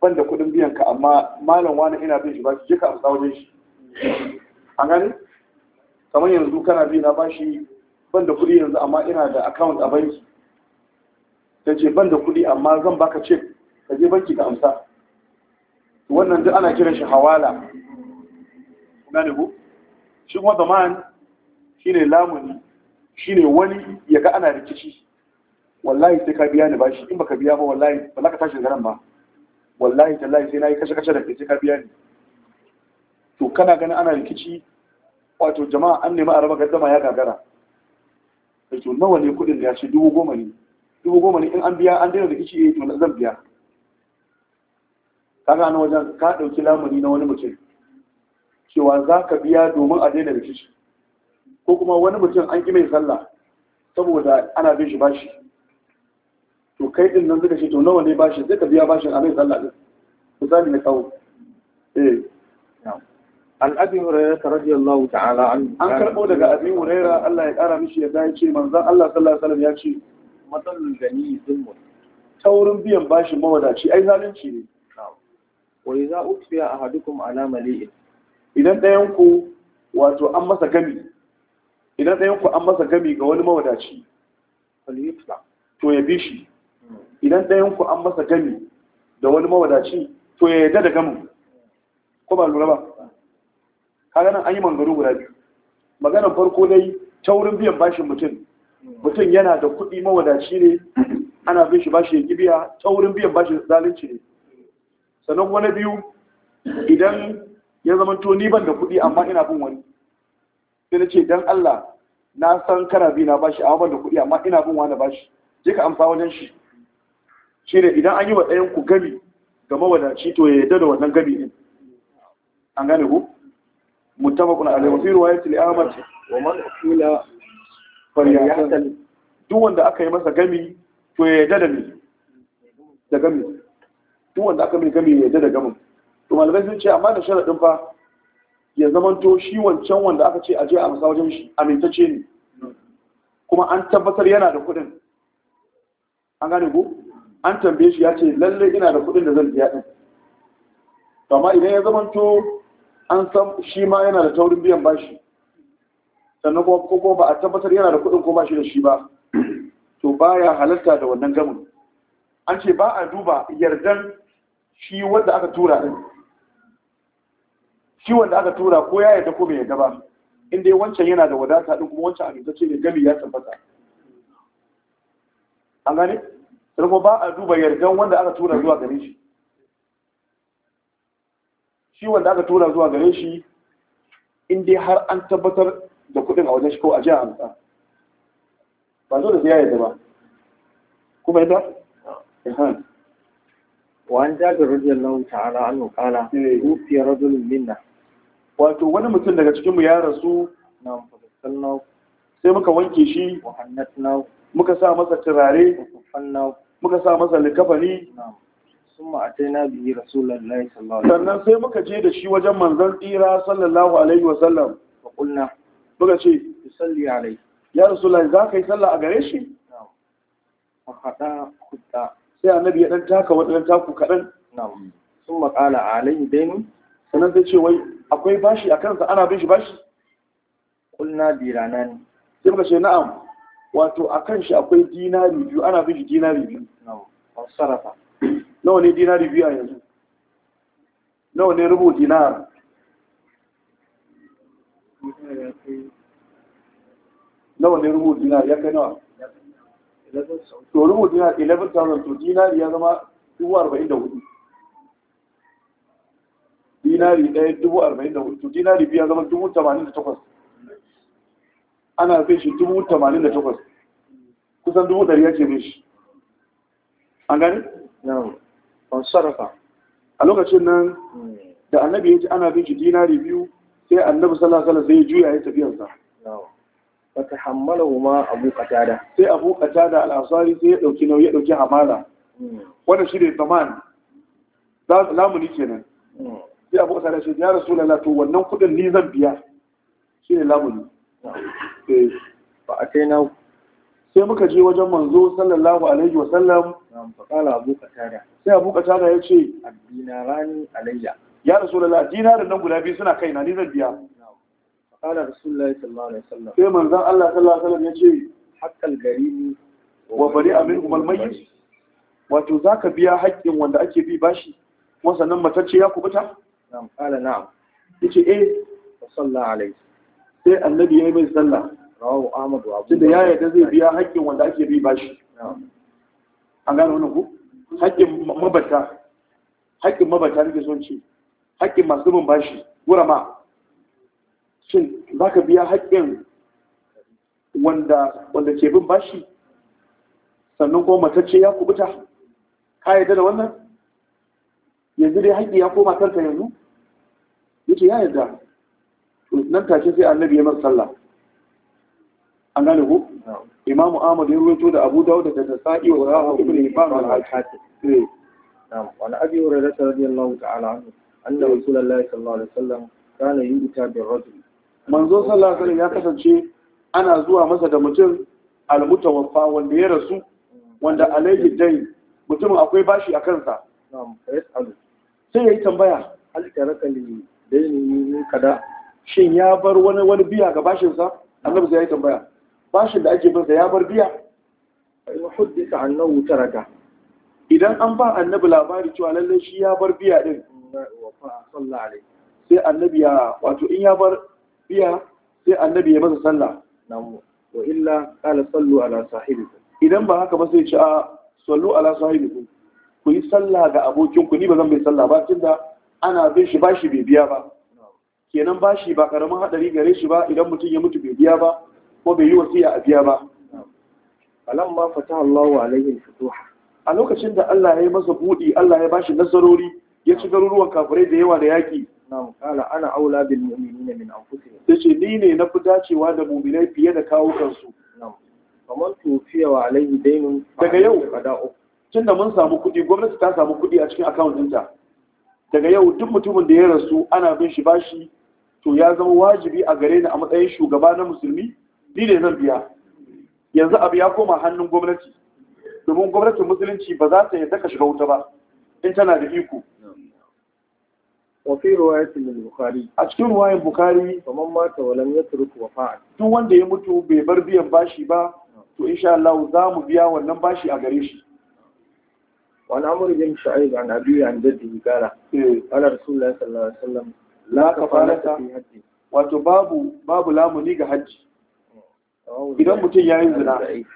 ban da kuɗin biyan ka amma malam wani ina bin shi ba shi ka amsa wajen shi an gani kamar yanzu kana bi na bashi ban da kuɗi yanzu amma ina da account a banki ta ce ban da kuɗi amma zan baka cek ka je banki ka amsa wannan duk ana kiran shi hawala kuna ne ku shi kuma man shine lamuni shine wani ya ga ana rikici wallahi sai ka biya ni bashi in baka biya ba wallahi ba za ka tashi daga nan ba wallahi tallahi sai na yi kashe kashe da kai sai ka biya ni to kana ganin ana rikici wato jama'a an nemi a raba gaddama ya gagara da eh to nawa ne kuɗin da ya ce dubu goma ne dubu goma ne in an biya an daina rikici eh to zan biya Ka gano wajen ka ɗauki lamuni na wani mutum cewa za ka biya domin a daina rikici ko kuma wani mutum an ƙi mai sallah saboda ana bin shi bashi to kai din nan suka ce to nawa ne bashi zai ka biya bashin a mai sallah din misali na kawo eh an abi hurairah radiyallahu ta'ala an an karbo daga abi hurairah Allah ya kara mishi yadda ya ce manzon Allah sallallahu alaihi wasallam ya ce matsalul gani Ta wurin biyan bashin mawadaci ai zalunci ne wa idza utfiya ahadukum ala mali'in idan ɗayan ku wato an masa gami idan ɗayan ku an masa gami ga wani mawadaci to ya bi shi idan ɗayan ku an masa gami da wani mawadaci to ya yarda da gamin ko ba lura ba kaga nan an yi mangaro guda biyu maganar farko dai ta wurin biyan bashin mutum mutum yana da kuɗi mawadaci ne ana bin shi bashi ya gibiya ta wurin biyan bashin zalunci ne sannan wani biyu idan ya zama to ni ban da kuɗi amma ina bin wani sai na ce dan Allah na san kana bi na bashi amma ban da kuɗi amma ina bin wani bashi je ka amsa wajen shi shi ne idan an yi wa ɗayan ku gami ga mawadaci to ya yadda da wannan gami ɗin an gane ku mutabakun kuna wa fi riwayat al-ahmad wa man qila falyahtal duk wanda aka yi masa gami to ya yadda da da gami duk wanda aka mai gami ya yadda da gami to malamai sun ce amma da sharaɗin fa ya zamanto shi wancan wanda aka ce a je a masa wajen shi amintacce ne kuma an tabbatar yana da kuɗin an gane ku an tambaye shi ya ce lallai ina da kuɗin da zan biya ɗin amma idan ya zamanto an san shi ma yana da taurin biyan bashi sannan kuma ko ba a tabbatar yana da kuɗin ko ba shi da shi ba to baya halarta da wannan gamin an ce ba a duba yardan shi wanda aka tura ɗin shi wanda aka tura ko ya yarda ko bai yarda ba inda dai wancan yana da wadata ɗin kuma wancan ce ne gami ya tabbata an gane sai ba a duba yardan wanda aka tura zuwa gare shi shi wanda aka tura zuwa gare shi in har an tabbatar da kuɗin a wajen shi ko a jiya hamsa ba zo da sai ya yarda ba kuma yadda وعن جابر رضي الله تعالى عنه قال توفي رجل minna wato wani mutum daga cikinmu ya rasu na sai muka wanke shi muka sa masa turare muka sa masa likafani summa ataina bihi rasulullahi sallallahu alaihi wasallam sannan sai muka je da shi wajen manzan tsira sallallahu alaihi wasallam fa qulna muka ce salli alaihi ya rasulullahi za ka yi sallah a gare shi fa hada sai annabi ya dan taka waɗannan taku kaɗan. na'am ƙala, a alaihi ni. sannan sai ce wai akwai bashi a kansa ana bin shi bashi Ƙulna birana ne sai muka ce na'am wato a kan shi akwai dinari biyu ana fi shi dinari biyu sarrafa nawa ne dinari biyu a yanzu nawa ne rubu dinar nawa ne rubu dinar ya kai nawa to rubu dinar 11,000 to dinari ya zama 44,000 dinari ɗaya 44,000 to dinari biyu ya zama 88,000 ana bin shi dubu tamanin da takwas kusan dubu ɗari ake bin shi an gani? an sarrafa a lokacin nan da annabi ya ce ana bin shi dinari biyu sai annabi sallallahu alaihi sai juya ya tafiyarsa wa tahammalahu ma abu qatada sai abu qatada al-ansari sai ya dauki nauyi ya dauki hamala hmm. wannan shi ne zaman lamuni kenan hmm. sai abu qatada shi ya rasulullah to wannan kudin ni zan biya shi ne lamuni ba a kai na sai muka je wajen manzo sallallahu alaihi wa sallam faƙala abu katada sai abu katada ya ce rani alayya ya rasulullah dinarin nan guda biyu suna kai, na ni zan biya faƙala rasulullah sallallahu alaihi wa sallam sai manzo Allah sallallahu alaihi wa sallam ya ce haqqal garimi wa bari amin umal mayyit wato zaka biya haƙƙin wanda ake bi bashi kuma sannan matacce ya kubuta na'am qala na'am yace eh sallallahu alaihi sai annabi ya yi mai sallah rawu ahmadu abu da ya yarda zai biya haƙƙin wanda ake bi bashi an gane wannan ku haƙƙin mabata haƙƙin mabata nake son ce haƙƙin masu bin bashi gurama shin za ka biya haƙƙin wanda wanda ke bin bashi sannan kuma matacce ya kubuta ka yarda da wannan yanzu dai haƙƙi ya koma kanta yanzu yace ya yarda nan take sai annabi ya masa sallah an gane ku imamu ahmad ya ruwaito da abu dawud da tasa'i wa rawa ibn hibban wal hakim na'am wa an abi hurairah radiyallahu ta'ala anhu anna rasulullahi sallallahu alaihi wasallam kana yu'ta bi rajul manzo sallallahu alaihi wasallam ya kasance ana zuwa masa da mutum almutawaffa wanda ya rasu wanda alaihi dai mutum akwai bashi a kansa na'am sai ya yi tambaya hal taraka li ni min kada shin ya bar wani wani biya ga bashinsa annabi sai ya yi tambaya bashin da ake da ya bar biya in huddisa annahu taraka idan an ba annabi labari cewa lallai shi ya bar biya din sai annabi ya wato in ya bar biya sai annabi ya masa sallah namu wa illa qala sallu ala sahibikum idan ba haka ba sai ce a sallu ala sahibikum ku yi sallah ga abokin ku ni ba zan bai sallah ba tunda ana bin shi bashi bai biya ba kenan bashi ba ƙaramin haɗari gare shi ba idan mutum ya mutu bai biya ba ko bai yi wasiya a biya ba alam ma fata Allahu alaihi futuha a lokacin da Allah ya yi masa buɗi Allah ya bashi nasarori ya ci garuruwan kafirai da yawa da yaƙi na'am qala ana aula bil mu'minina min anfusihim yace ni ne na fi dacewa da mu'minai fiye da kawo kansu na'am kamar fiye wa alaihi dainun daga yau tunda mun samu kuɗi gwamnati ta samu kuɗi a cikin akawun ɗinta daga yau duk mutumin da ya rasu ana bin shi bashi to ya zama wajibi a gare ni a matsayin shugaba na musulmi ni ne zan biya yanzu abu ya koma hannun gwamnati domin gwamnatin musulunci ba za ta yadda ka shiga wuta ba in tana da iko wafi su min bukari. a cikin ruwayan bukhari kaman mata walam wa fa'a duk wanda ya mutu bai bar biyan bashi ba to insha Allah za mu biya wannan bashi a gare shi wani عمرو بن شعيب عن أبيه عن جده قال قال رسول الله صلى الله la kafarata wato babu babu lamuni ga hajji idan mutum ya yi zina in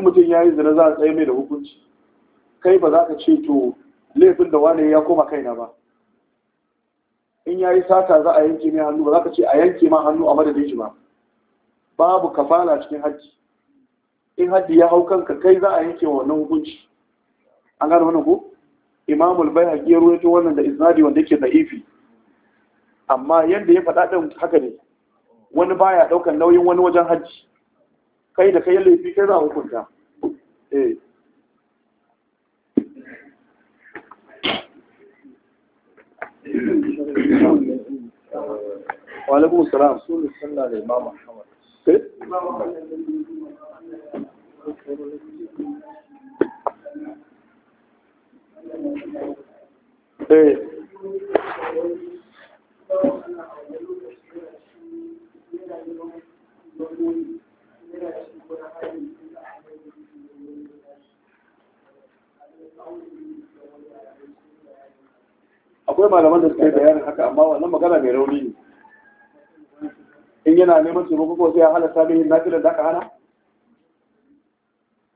mutum ya yi zina za a tsaye mai da hukunci kai ba za ka ce to laifin da wane ya koma kaina ba in ya yi sata za a yanke mai hannu ba za ka ce a yanke ma hannu a madadin shi ba babu kafala cikin hajji in hajji ya hau kanka kai za a yanke wannan hukunci an gane wannan ko imamul bai hakiyar ya wannan da isnadi wanda yake ifi amma yadda ya faɗa ɗin haka ne wani baya ɗaukar nauyin wani wajen hajji kai da kai laifi kai za a hukunta eh. walaikun salam suna da imam eh, eh. akwai malaman da suka yi bayanin haka amma wannan magana mai rauni ne in yana neman taimako ko sai ya halatta mai yin nafilar da aka hana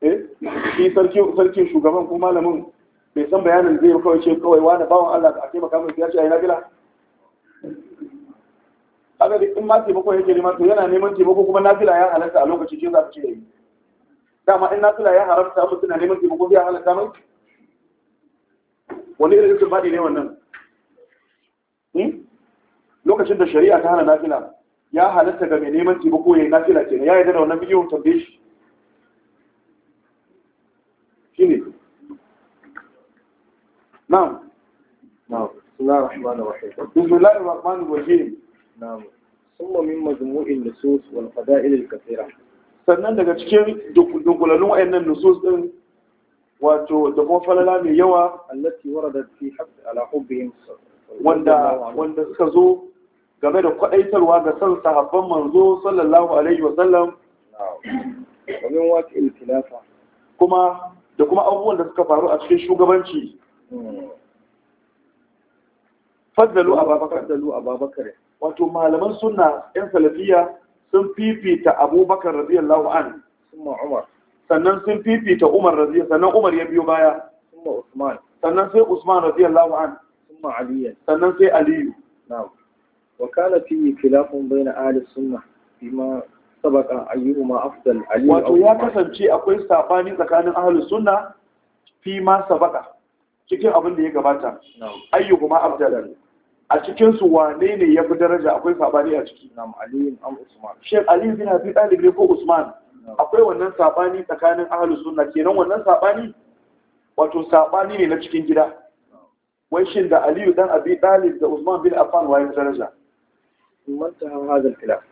eh shi sarkin shugaban ko malamin bai san bayanin zai kawai ce kawai wani bawan Allah a taimaka mai ya ce a yi nafila kaga da in ma taimako yake neman to yana neman taimako kuma nafila ya halarta a lokaci ce za ka ce yi dama in nafila ya haramta mutum na neman taimako zai halarta mai wani irin rikin faɗi ne wannan hmm? lokacin da shari'a ta hana nafila ya halarta ga mai neman taimako yi nafila kenan ya yi da wannan bidiyon tambaye shi shine na'am الله الرحمن الرحيم بسم الله الرحمن الرحيم نعم ثم من مجموع النصوص والفضائل الكثيرة sannan daga cikin dunkulalun wayannan nusus din wato da kuma falala mai yawa allati fi hadd ala hubbihim wanda wanda suka zo game da kwadaitarwa ga san sahabban manzo sallallahu alaihi wa sallam kuma da kuma abubuwan da suka faru a cikin shugabanci hmm. faddalu ababakar faddalu ababakar wato malaman sunna yan salafiya sun fifita abubakar radiyallahu an summa umar sannan sun fifita umar radiyallahu sannan umar ya biyo baya summa usman sannan sai usman radiyallahu an summa ali sannan sai aliyu na'am wa kana fi khilafun bayna ahli sunna bima sabaqa ayyuhuma afdal ali wato ya kasance akwai sabani tsakanin ahli sunna fi ma sabaqa cikin abin da ya gabata ayyuhuma abdal a cikin su wane ne ya fi daraja akwai sabani a ciki na'am ali bin usman shin ali bin abi talib ne ko usman akwai wannan sabani tsakanin ahlus sunna kenan wannan sabani wato sabani ne na cikin gida wai shin da ali dan abi talib da usman bin affan waye daraja mantaha hadal khilaf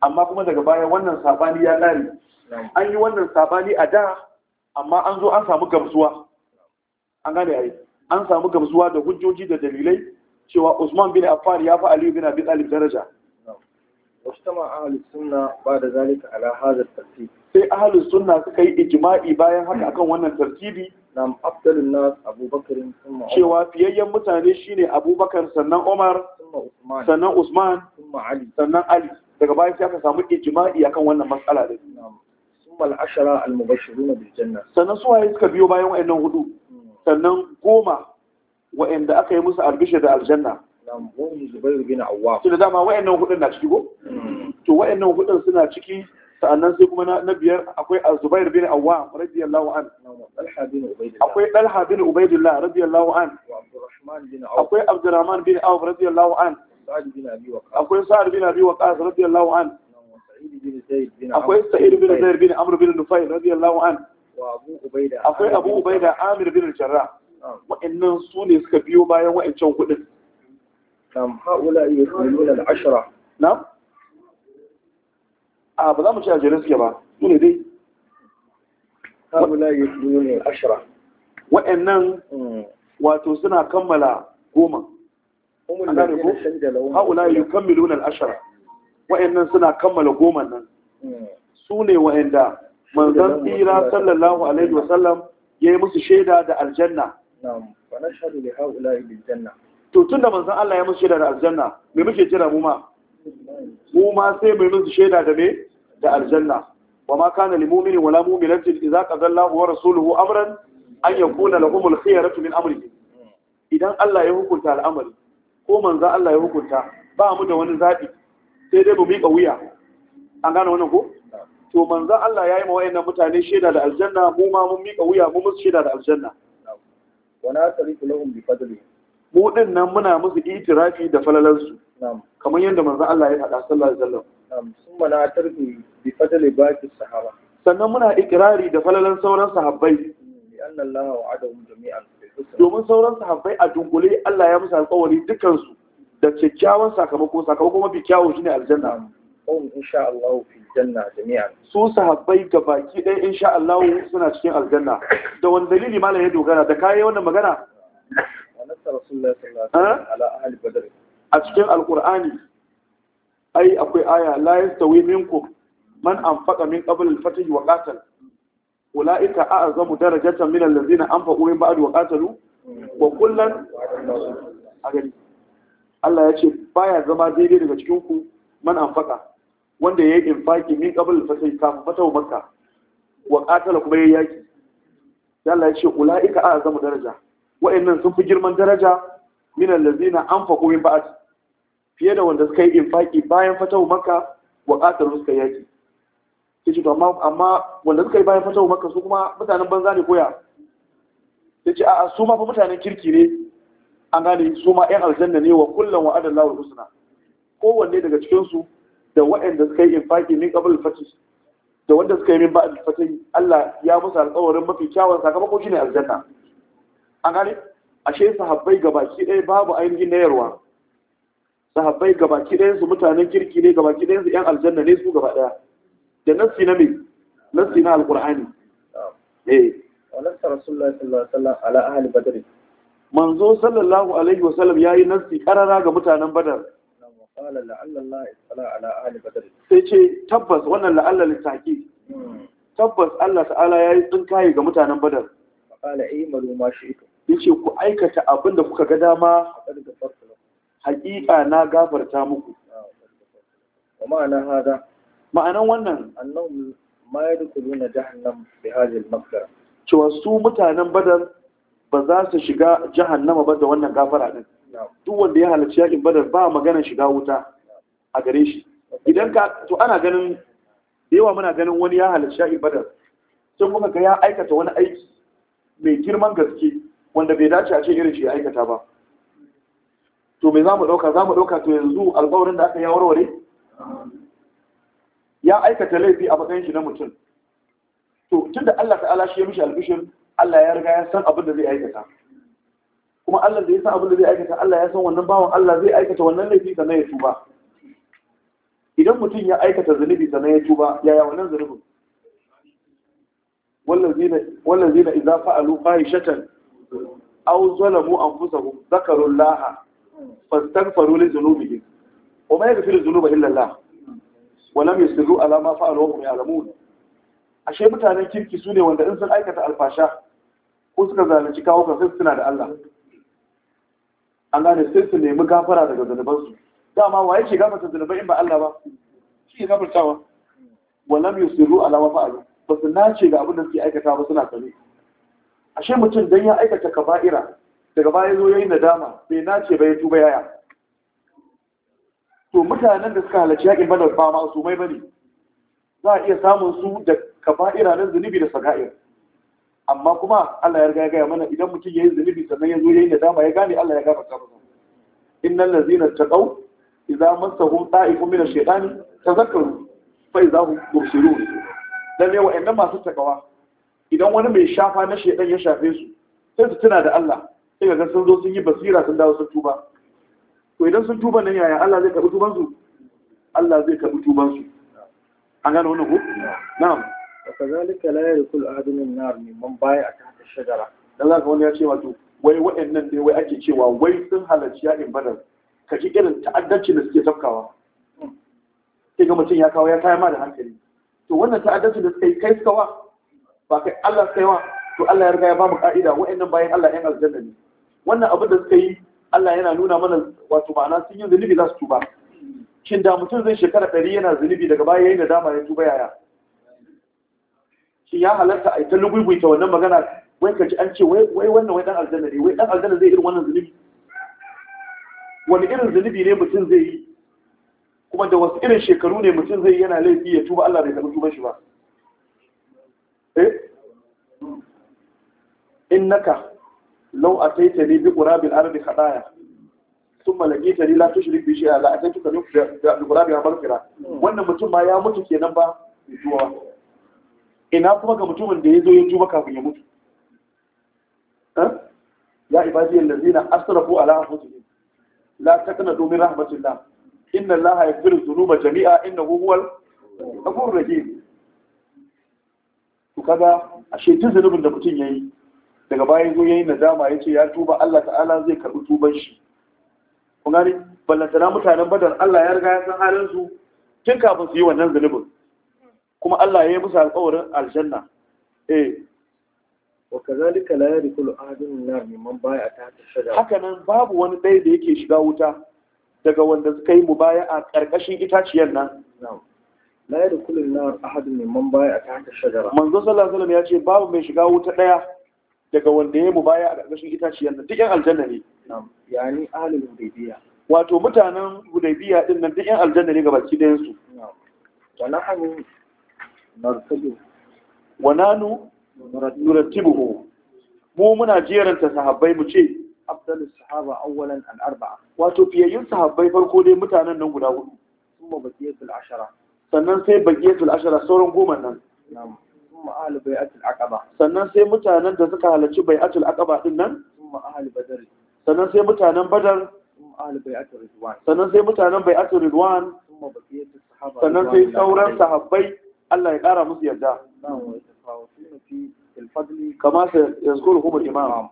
amma kuma daga baya wannan sabani ya lari an yi wannan sabani a da amma an zo an samu gamsuwa an gane ai an samu gamsuwa da hujjoji da dalilai cewa Usman bin Affan ya fi Ali bin Abi Talib daraja واجتمع أهل السنة بعد ذلك على هذا الترتيب sai ahalin sunna suka yi ijma'i bayan haka akan wannan tartibi nam afdalun nas abubakar thumma cewa fiyayyen mutane shine abubakar sannan umar sannan usman sannan ali daga baya sai aka samu ijma'i akan wannan matsala din thumma al-ashara al-mubashshirun bil janna sannan su suka biyo bayan wayannan hudu sannan goma wa'anda aka yi musu albishir da aljanna shi da dama wa'annan hudun na ciki ko mm. to wa'annan hudun suna ciki sa'annan sai kuma na biyar akwai azubair bin awwa radiyallahu an akwai dalha bin ubaidillah radiyallahu an akwai abdurrahman bin awf radiyallahu an akwai sa'ad bin abi waqas radiyallahu an akwai sa'id bin zaid bin amr bin nufayl radiyallahu an akwai abu ubaida amir bin jarra wa'annan su ne suka biyo bayan wa'ancan kudin nam haula yusuluna al-ashra nam a ba za mu ci a jere suke ba su ne dai haula yusuluna al-ashra wa'annan hmm. wato suna kammala goma haula yukammiluna al-ashra wa'annan suna kammala goma nan hmm. su ne wa'anda manzon tsira sallallahu alaihi wasallam ya yi musu shaida da aljanna to tun da manzon Allah ya musu shaida da aljanna me muke jira mu ma mu ma sai mu musu shaida da me da aljanna wa ma kana lil mu'mini wala mu'minatin idza qada Allahu wa rasuluhu amran an yakuna lahumul khiyaratu min amrihi idan Allah ya hukunta al'amari ko manzon Allah ya hukunta ba mu da wani zabi sai dai mu miƙa wuya an gane wannan ko to manzan Allah ya yi ma wayannan mutane shaida da aljanna mu ma mun mika wuya mu musu shaida da aljanna wa na lahum bi fadli mu ɗin nan muna musu itirafi da falalansu. kamar yadda manzan Allah ya faɗa sallallahu alaihi wasallam sun mana tarifu bi fadli baqi sahaba sannan muna ikirari da falalan sauran sahabbai anna Allah wa'adahum jami'an domin sauran sahabbai a dunkule Allah ya musu alƙawari dukansu da kyakkyawan sakamako sakamako mafi kyawun shi ne aljanna in insha Allah fi janna jami'an su sahabbai ga baki ɗaya insha Allah suna cikin aljanna da wani dalili malam ya dogara da kai wannan magana a cikin alqur'ani ai akwai aya la yastawi minkum man anfaqa min qabl al-fath wa qatal ulaika a'zamu darajatan min allazina anfaqu min ba'd wa qatalu wa kullan a gani. Allah ya ce baya zama daidai daga cikin ku man anfaqa wanda ya yi infaki min qabl fasai kafin fatawa makka wa qatala kuma ya yaki Allah ya ce ulaika azamu daraja wa'annan sun fi girman daraja min allazina anfaqu min ba'd fiye da wanda suka yi infaki bayan fatawa makka wa qatalu suka yaki sai to amma amma wanda suka yi bayan fatawa makka su kuma mutanen banza ne koya yace a'a su ma fa mutanen kirki ne an gane su ma 'yan aljanna ne wa kullum wa adallahu husna kowanne daga cikinsu da waɗanda suka yi infaki min ƙabar al da wanda suka yi min ba'ad al Allah ya musu alƙawarin mafi kyawun sakamako shine aljanna an gane ashe sahabbai gabaki ɗaya babu ainihin nayarwa sahabbai gabaki ɗaya su mutanen kirki ne gabaki ɗaya su ƴan aljanna ne su gaba ɗaya da nassi na me nassi na alqur'ani eh walasta rasulullahi sallallahu alaihi wasallam ala ahli badr manzo sallallahu alaihi wasallam yayi nassi karara ga mutanen badar sai ce tabbas wannan la'allar litaki. tabbas Allah ta'ala ya yi tsinkaye ga mutanen badar ƙala eh malu ma shi ito yace ku aikata abin da kuka ga dama haƙiƙa na gafarta muku ma'ana hada ma'anan wannan annahum ma yadkhuluna jahannam bi hadhihi al-maghfira cewa su mutanen badar ba za su shiga jahannama ba da wannan gafara din duk wanda ya halarci yakin badar ba magana shiga wuta a gare shi idan ka to ana ganin da yawa muna ganin wani ya halarci yakin badar sun kuma ga ya aikata wani aiki mai girman gaske wanda bai dace a ce irin shi ya aikata ba to me za mu ɗauka za mu ɗauka to yanzu alƙawarin da aka ya warware ya aikata laifi a matsayin shi na mutum to tunda Allah ta'ala shi ya mishi albishin Allah ya riga ya san abin da zai aikata kuma Allah da ya san abin da zai aikata Allah ya san wannan bawan Allah zai aikata wannan laifi da na ya tuba idan mutum ya aikata zunubi sannan ya tuba yaya wannan zunubin zina idan fa'alu fahishatan aw zalamu anfusahum zakaru Allah fastaghfiru li dhunubihim wa ma yaghfiru dhunuba illa Allah wa lam yusirru ala ma fa'alu wa hum ya'lamun ashe mutanen kirki sune wanda in sun aikata alfasha ko suka zalunci kawo kan suna da Allah an gane sai su nemi gafara daga zunubansu dama wa yake gafarta zunubai in ba Allah ba shi ya gafartawa walam yusiru ala ma fa'alu ba su nace ga abin da suke aikata ba suna sani ashe mutum dan ya aikata kaba'ira daga baya zo yayin nadama bai nace ba ya tuba yaya to mutanen da suka halarci yakin badar ba ma su mai bane za a iya samun su da kaba'ira na zunubi da saga'ir amma kuma Allah ya riga ya gaya mana idan mutum ya yi zunubi sannan ya zo ya yi nadama ya gane Allah ya gafarta masa innal ladzina taqaw idza massahum ta'ifun min ash-shaytani tazakkaru fa idza hum mubsirun dan ne wa'annan masu takawa idan wani mai shafa na shaytan ya shafe su sai su tuna da Allah sai ga sun zo sun yi basira sun dawo sun tuba to idan sun tuba nan yaya Allah zai karbi tuban su Allah zai karbi tuban su an gano wannan ko na'am وكذلك لا يدخل أحد من النار ممن بايع تحت الشجرة dan zaka wani ya ce wato wai waɗannan dai wai ake cewa wai sun halarci yaƙin badar ka ji irin ta'addanci da suke tafkawa sai ga mutum ya kawo ya kaya ma da hankali to wannan ta'addanci da suka yi kai suka wa ba kai Allah suka yi wa to Allah ya riga ya ba mu ka'ida waɗannan bayan Allah ɗan aljanna ne wannan abin da suka yi Allah yana nuna mana wato ma'ana sun yi zunubi za su tuba shin da mutum zai shekara ɗari yana zunubi daga baya ya yi nadama ya tuba yaya shi ya halatta a ta lugubuita wannan magana wai ka ji an ce wai wannan wai dan aljanna ne wai dan aljanna zai irin wannan zunubi wani irin zunubi ne mutum zai yi kuma da wasu irin shekaru ne mutum zai yana laifi ya tuba Allah bai taɓa tuban shi ba eh innaka law li bi qurabil ardi khadaya thumma li la tushrik bi shay'in la ataituka bi qurabil ardi khadaya wannan mutum ma ya mutu kenan ba zuwa. ina kuma ga mutumin da ya zo ya tuba kafin ya mutu eh? ya ibadi allazina asrafu ala anfusihim la domin min rahmatillah inna allaha yaghfiru dhunuba jami'a innahu huwal ghafurur rahim to kaga a shekin zunubin da mutum yayi daga baya zo yayi nadama yace ya tuba Allah ta'ala zai karbi tuban shi kun gane ballantana mutanen badar Allah ya riga ya san halin su tun kafin su yi wannan zunubin kuma Allah ya yi musu alƙawarin aljanna eh wa kazalika la yadkhulu ahadun nar mimman baya ta shajara haka nan babu wani ɗaya da yake shiga wuta daga wanda suka yi mubaya'a ƙarƙashin itaciyar nan la yadkhulu nar ahadun mimman baya ta shajara manzo sallallahu alaihi wasallam ya ce babu mai shiga wuta ɗaya daga wanda ya yi mubaya a ƙarƙashin itaciyar nan duk aljanna ne yani ahlul hudaybiya wato mutanen hudaybiya din nan duk aljanna ne gabaki ɗayan su wa nahnu wa nanu nurattibuhu mu muna jeranta sahabbai mu ce afdalus sahaba awwalan al arba'a wato fiyayyun sahabbai farko dai mutanen nan guda hudu kuma baqiyatul ashara sannan sai baqiyatul ashara sauran goma nan kuma ahli bai'atul aqaba sannan sai mutanen da suka halarci bai'atul aqaba din nan kuma ahli badar sannan sai mutanen badar kuma ahli bai'atul ridwan sannan sai mutanen bai'atul ridwan kuma baqiyatul sahaba sannan sai sauran sahabbai Allah ya ƙara musu yarda kama sa yazkuru humul imam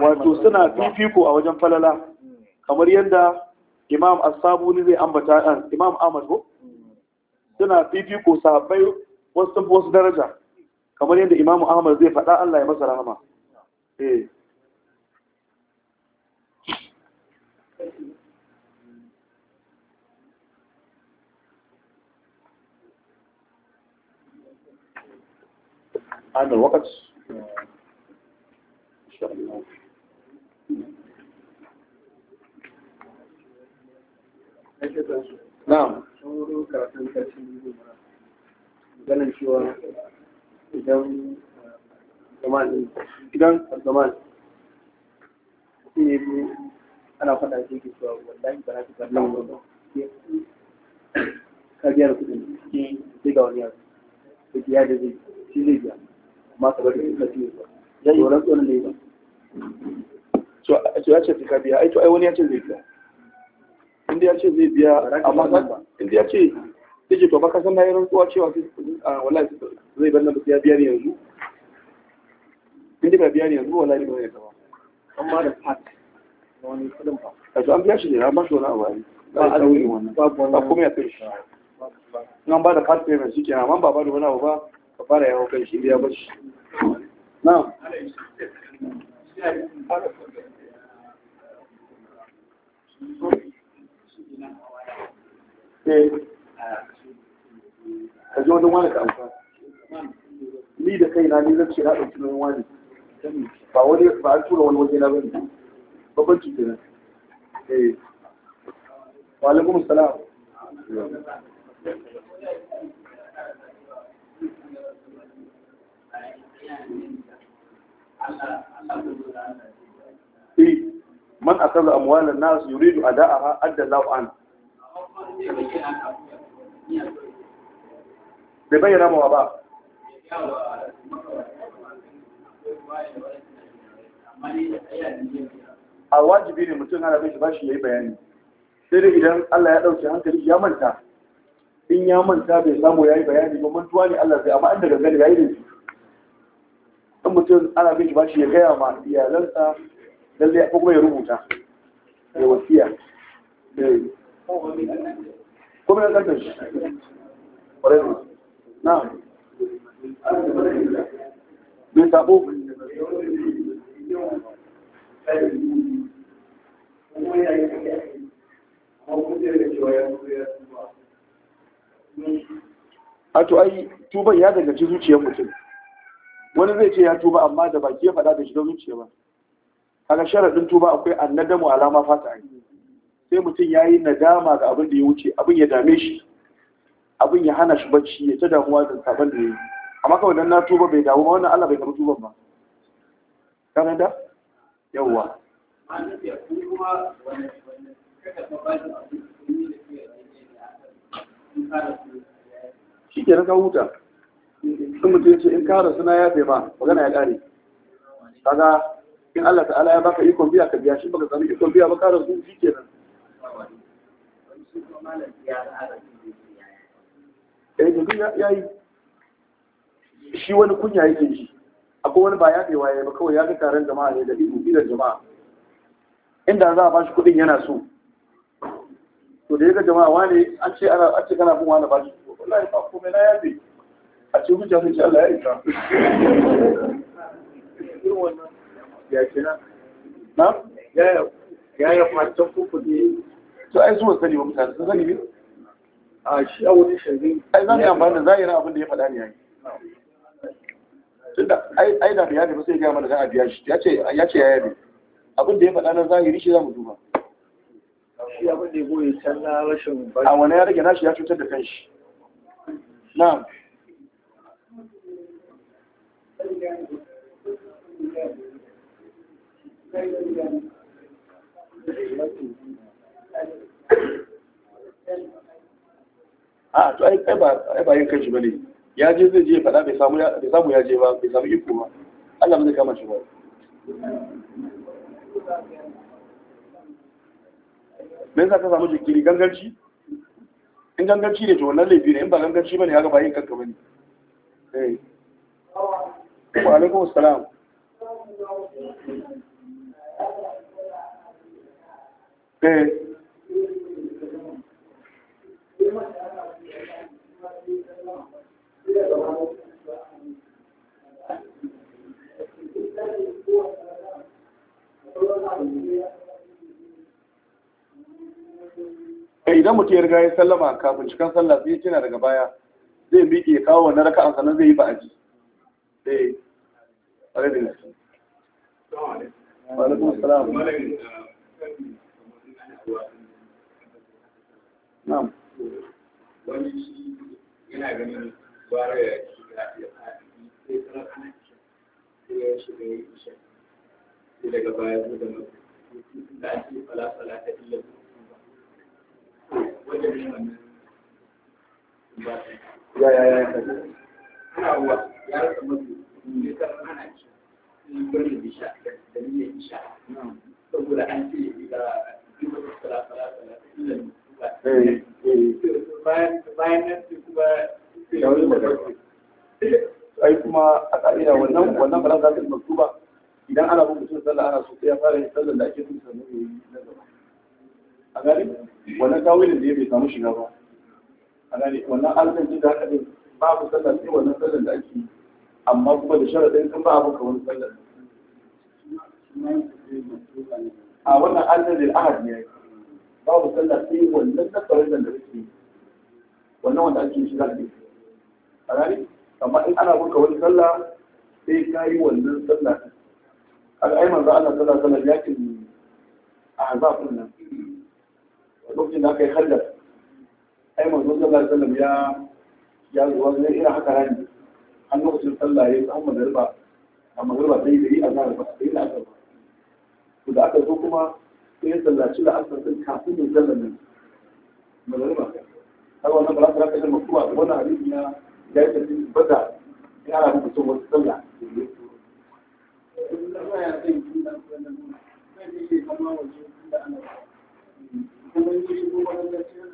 wato suna fifiko a wajen falala kamar yadda imam as-sabuni zai ambata ɗan eh, imam ahmad ko suna fifiko sahabbai wasu wasu daraja kamar yadda imam ahmad zai faɗa Allah ya masa rahama eh Ada الوقت نعم ganin cewa idan zaman idan ne ana faɗa shi ke cewa wallahi ba ba ka kuɗin ga wani da biya shi ma ka bari ka fiye ya yi wurin tsoron da yi to ya ce ka biya ai to ai wani ya ce zai biya inda ya ce zai biya amma inda ya ce yake to baka san na yi rantsuwa cewa wallahi zai bar nan ya biya ne yanzu inda ba biya ne yanzu wallahi ba zai ba An amma da fat wani kudin ba a to an biya shi ne An ba shi wani abu ne ba a da wani wannan ba kuma ya kai shi nan ba da fat payment shi kenan amma ba ba da wani abu ba fara yawon kan shi biya bashi na'am eh. ka ji wani wani ka amfani ni da kai na nizar zan ce na ɗauki na wani ba wani ba an tura wani waje na bane babban cuta na eh wa alaikum salam man akalla amwalan nas yuridu ada'aha adda lahu an bai bayyana mawa ba a wajibi ne mutum hana kai ba shi yayi bayani sai dai idan Allah ya ɗauke hankali ya manta in ya manta bai samu yayi bayani ba mantuwa ne Allah zai amma an daga gani yayi ne mutum ana fi shi bashi ya gaya ma iyalansa lalle ko kuma ya rubuta ya wasiya eh. kuma ya shi na sabo a to ai tuban ya daga danganci zuciyar mutum wani zai ce ya tuba amma da baki ya faɗa da don zuciya ba kaga sharadin tuba akwai annadamu alama fata sai mutum ya yi nadama ga abin da ya wuce abin ya dame shi abin ya hana shi bacci ya ta damuwa da sabon da ya yi amma kawai dan na tuba bai dawo ba wannan Allah bai karɓi tuban ba kana da yawa shi ke na huta sun mutu ce in kara suna ya bai ba magana ya kare kaga in Allah ta'ala ya baka ikon biya ka biya shi baka sami ikon biya ba kara sun shi kenan eh duk ya yi shi wani kunya yake shi akwai wani ba ya bai waye ba kawai ya ga taron jama'a ne da ibu gidan jama'a inda za a ba shi kuɗin yana so to da ya ga jama'a wane an ce ana an ce kana bin wani ba shi wallahi ba komai na yabe a ce hujja zai Allah ya isa ya kina na ya ya ya ne zuwa sani ba mutane sani ne a shi wani shirin ai zan yi amfani da abin da ya faɗa tunda da mana biya shi ya ce ya abin da ya faɗa na zahiri shi za mu duba ya a wani ya rage nashi ya cutar da kanshi na'am a to ai ba yin kanshi bane ya je zai je fada bai samu ya je ba bai samu iko ba Allah bai zai kama shi ba me za ka samu jikiri gangarci in gangarci ne to wannan laifi ne in ba gangarci bane haka ba yin kanka bane eh wa eh. Eh, idan mutum ya riga ya sallama kafin cikin sallah sai tana daga baya zai miƙe kawo wani raka'a sannan zai yi ba'aji eh alaikum salam alaikum salam na'am wani yana ganin ya ya ya ya daga baya zuwa ya ya ya ya rasa mazu ne kan ana ci birnin isha da niyyar isha saboda an ce da ga duka sala sala sala illan eh, eh. bayan nan sai kuma da wani mafarki ai kuma a ƙa'ida wannan wannan ba za ta yi maktuba idan ana bugu sun sallah ana so sai ya fara yin sallar da ake so sannan ya na gaba a gani wannan tawilin da ya bai samu shiga ba a gani wannan alƙalci da haka babu sallah sai wannan sallar da ake yi amma kuma da sharaɗin kan ba a maka wani sallar a wannan annalil ahad ne babu sallar sai wannan na farillar da kake wannan wanda ake shi zaɓe a rani amma in ana maka wani sallah sai ka yi wannan sallah kaga ai manzo Allah sallallahu alaihi wasallam yakin ahzabun nan lokacin da aka yi haddar ai manzo sallallahu alaihi wasallam ya ya zuwa zai ina haka rani an lokacin sallah ya samu magarba a magarba sai da yi a zara ba sai da aka ba to da aka zo kuma sai ya sallaci asar din kafin ya zalla nan magarba har wannan ba za ta raka da wannan hadisi na ya yi tafi bada ya ana da mutum wasu sallah kuma yi shi ko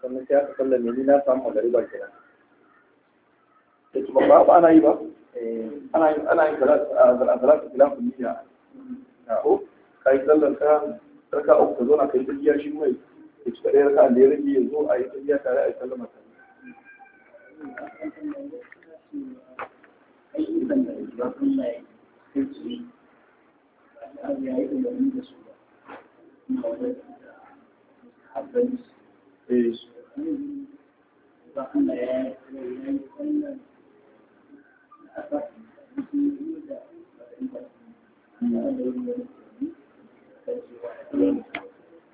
sannan sai aka sallame ni na samu magariba kenan da tuba ba ba ana yi ba eh, ana yi ana yi salatu khilafun niyya ko kai sallan ka raka uku ka zo na kai tafiya shi mai ya ci ɗaya raka da ya rage ya zo a yi tafiya tare a yi sallama ta Thank you. Eh.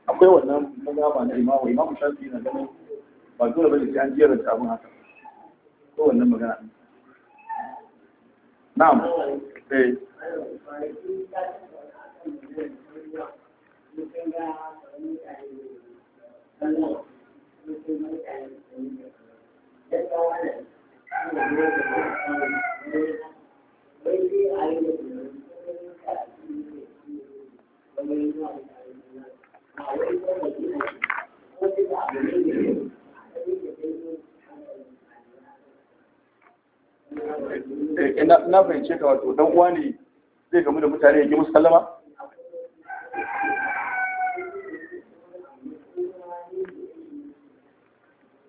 akwai wannan mazaba na imamu imamu shafi na ganin ba dole bane sai an jera ta abin haka ko wannan magana na'am eh Thank you. Eh, eh, na fahimce ka wato dan uwa ne zai gamu da mutane ya ke musu kallama?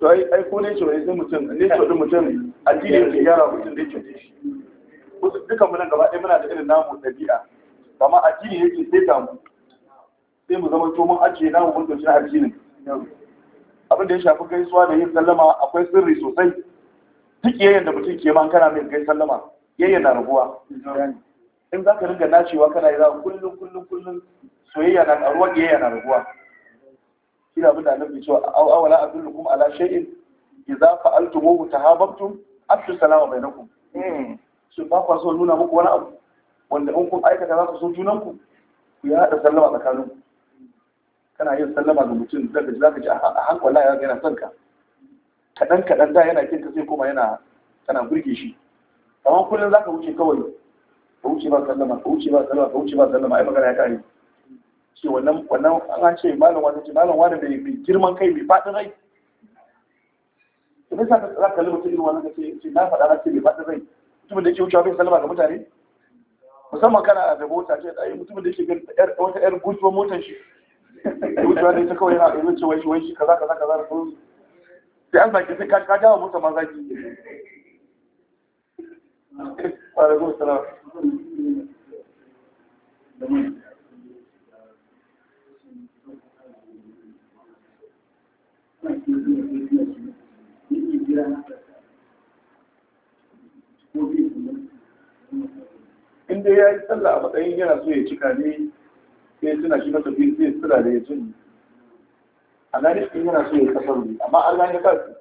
to ai ai ko ne ce wai mutum ne ce wani mutum addini ne gyara mutum da ce shi wasu dukan mu nan gaba ɗaya muna da irin namu ɗabi'a amma addini yake sai ta mu sai mu zama to mun ajiye namu mun dauki addinin abin da ya shafi gaisuwa da yin sallama akwai sirri sosai duk yayin da mutum ke man kana mai gai sallama yayin na rabuwa. in za ka ringa nacewa kana yi za kullum kullum kullum soyayya na ƙaruwa yayin na rabuwa. bin da annabi cewa aw awala adullukum ala shay'in idza fa'altumuhu tahabbtum afshu salama bainakum hmm. su ba ku so nuna muku wani abu wanda in kun aikata za ku so junan ku ku ya hada sallama tsakanin ku kana yin sallama ga mutum zaka ji zaka ji a hankali ya yana son ka kadan kadan da yana kinka sai kuma yana kana burge shi amma kullum zaka wuce kawai ka wuce ba sallama ka wuce ba sallama ka wuce ba sallama ai magana ya kare ce wannan wannan an ce malam wani ce malam wani da mai girman kai mai faɗin rai idan sa za ka lura irin wannan kace ce na faɗa na ce mai faɗin rai mutumin da yake wucewa bai salama ga mutane musamman kana a da mota ce ai mutumin da yake ganin wata yar gutuwar motar shi gutuwa da ita kawai yana da ce wai shi wai shi kaza kaza kaza da sauransu sai an zaki sai ka jawo mota ma zaki Wa alaikum salam. inda ya yi sallah a matsayin yana so ya cika ne sai suna shi masa biyu sai sura da ya tuni a nan in yana so ya kasar ne amma Allah ya kasu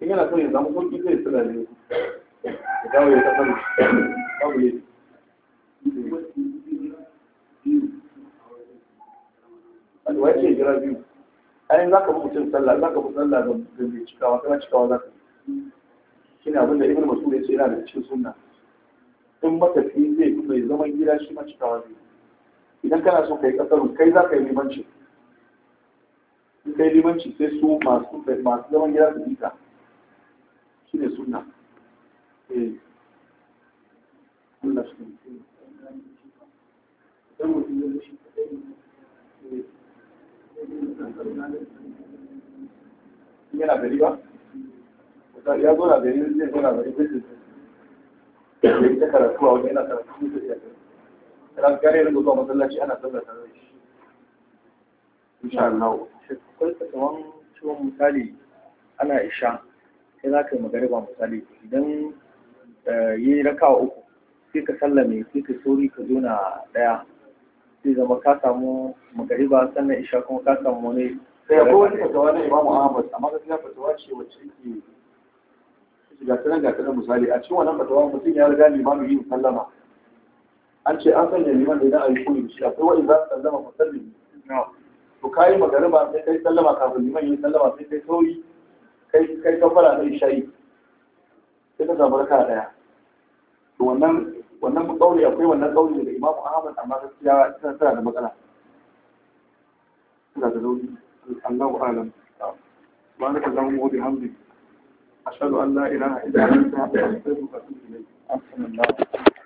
in yana so ya zama sauki sai sura da ya dawo ya kasar babu yadda wa yake jira biyu ayin za ka mutum sallah za ka bi sallah da bai cikawa kana cikawa za ka yi shi ne abinda masud ya yana da cikin sunna in matafi zai fi mai zaman gida shi ma cikawa zai idan kana so kai yi kai za ka yi limanci in kai limanci sai su masu zaman gida su bita shine sunna eh Allah shi ne. yana gari ba ya zo gari zai zo na gari zai zai ta karatu a wajen yana karatu zai zai ran gare rinka masallaci ana sallar tare da shi insha akwai kasawan ciwon misali ana isha sai za ka yi magariba misali idan eh, yi raka uku sai ka sallame sai ka sauri ka zo na daya zai zama ka samu magariba sannan isha kuma ka samu wani sai ko wani fatawa na imamu ahmad amma gaskiya fatawa ce wacce ke ga ta nan ga ta misali a cikin wannan fatawa mutum ya riga limamu yi musallama. an ce an sanya liman da idan a yi koyi shi akwai wa'in za su sallama musallin to ka yi kayi ba sai kai sallama kafin liman yin sallama sai kai sauri kai kai kafara sai shayi sai ka samu raka daya to wannan wannan kauli akwai wannan kauli da Imam Ahmad amma gaskiya tana tana da matsala tana da rauni Allahu a'lam subhanaka allahumma wa bihamdika ashhadu an la ilaha illa anta astaghfiruka wa atubu ilayk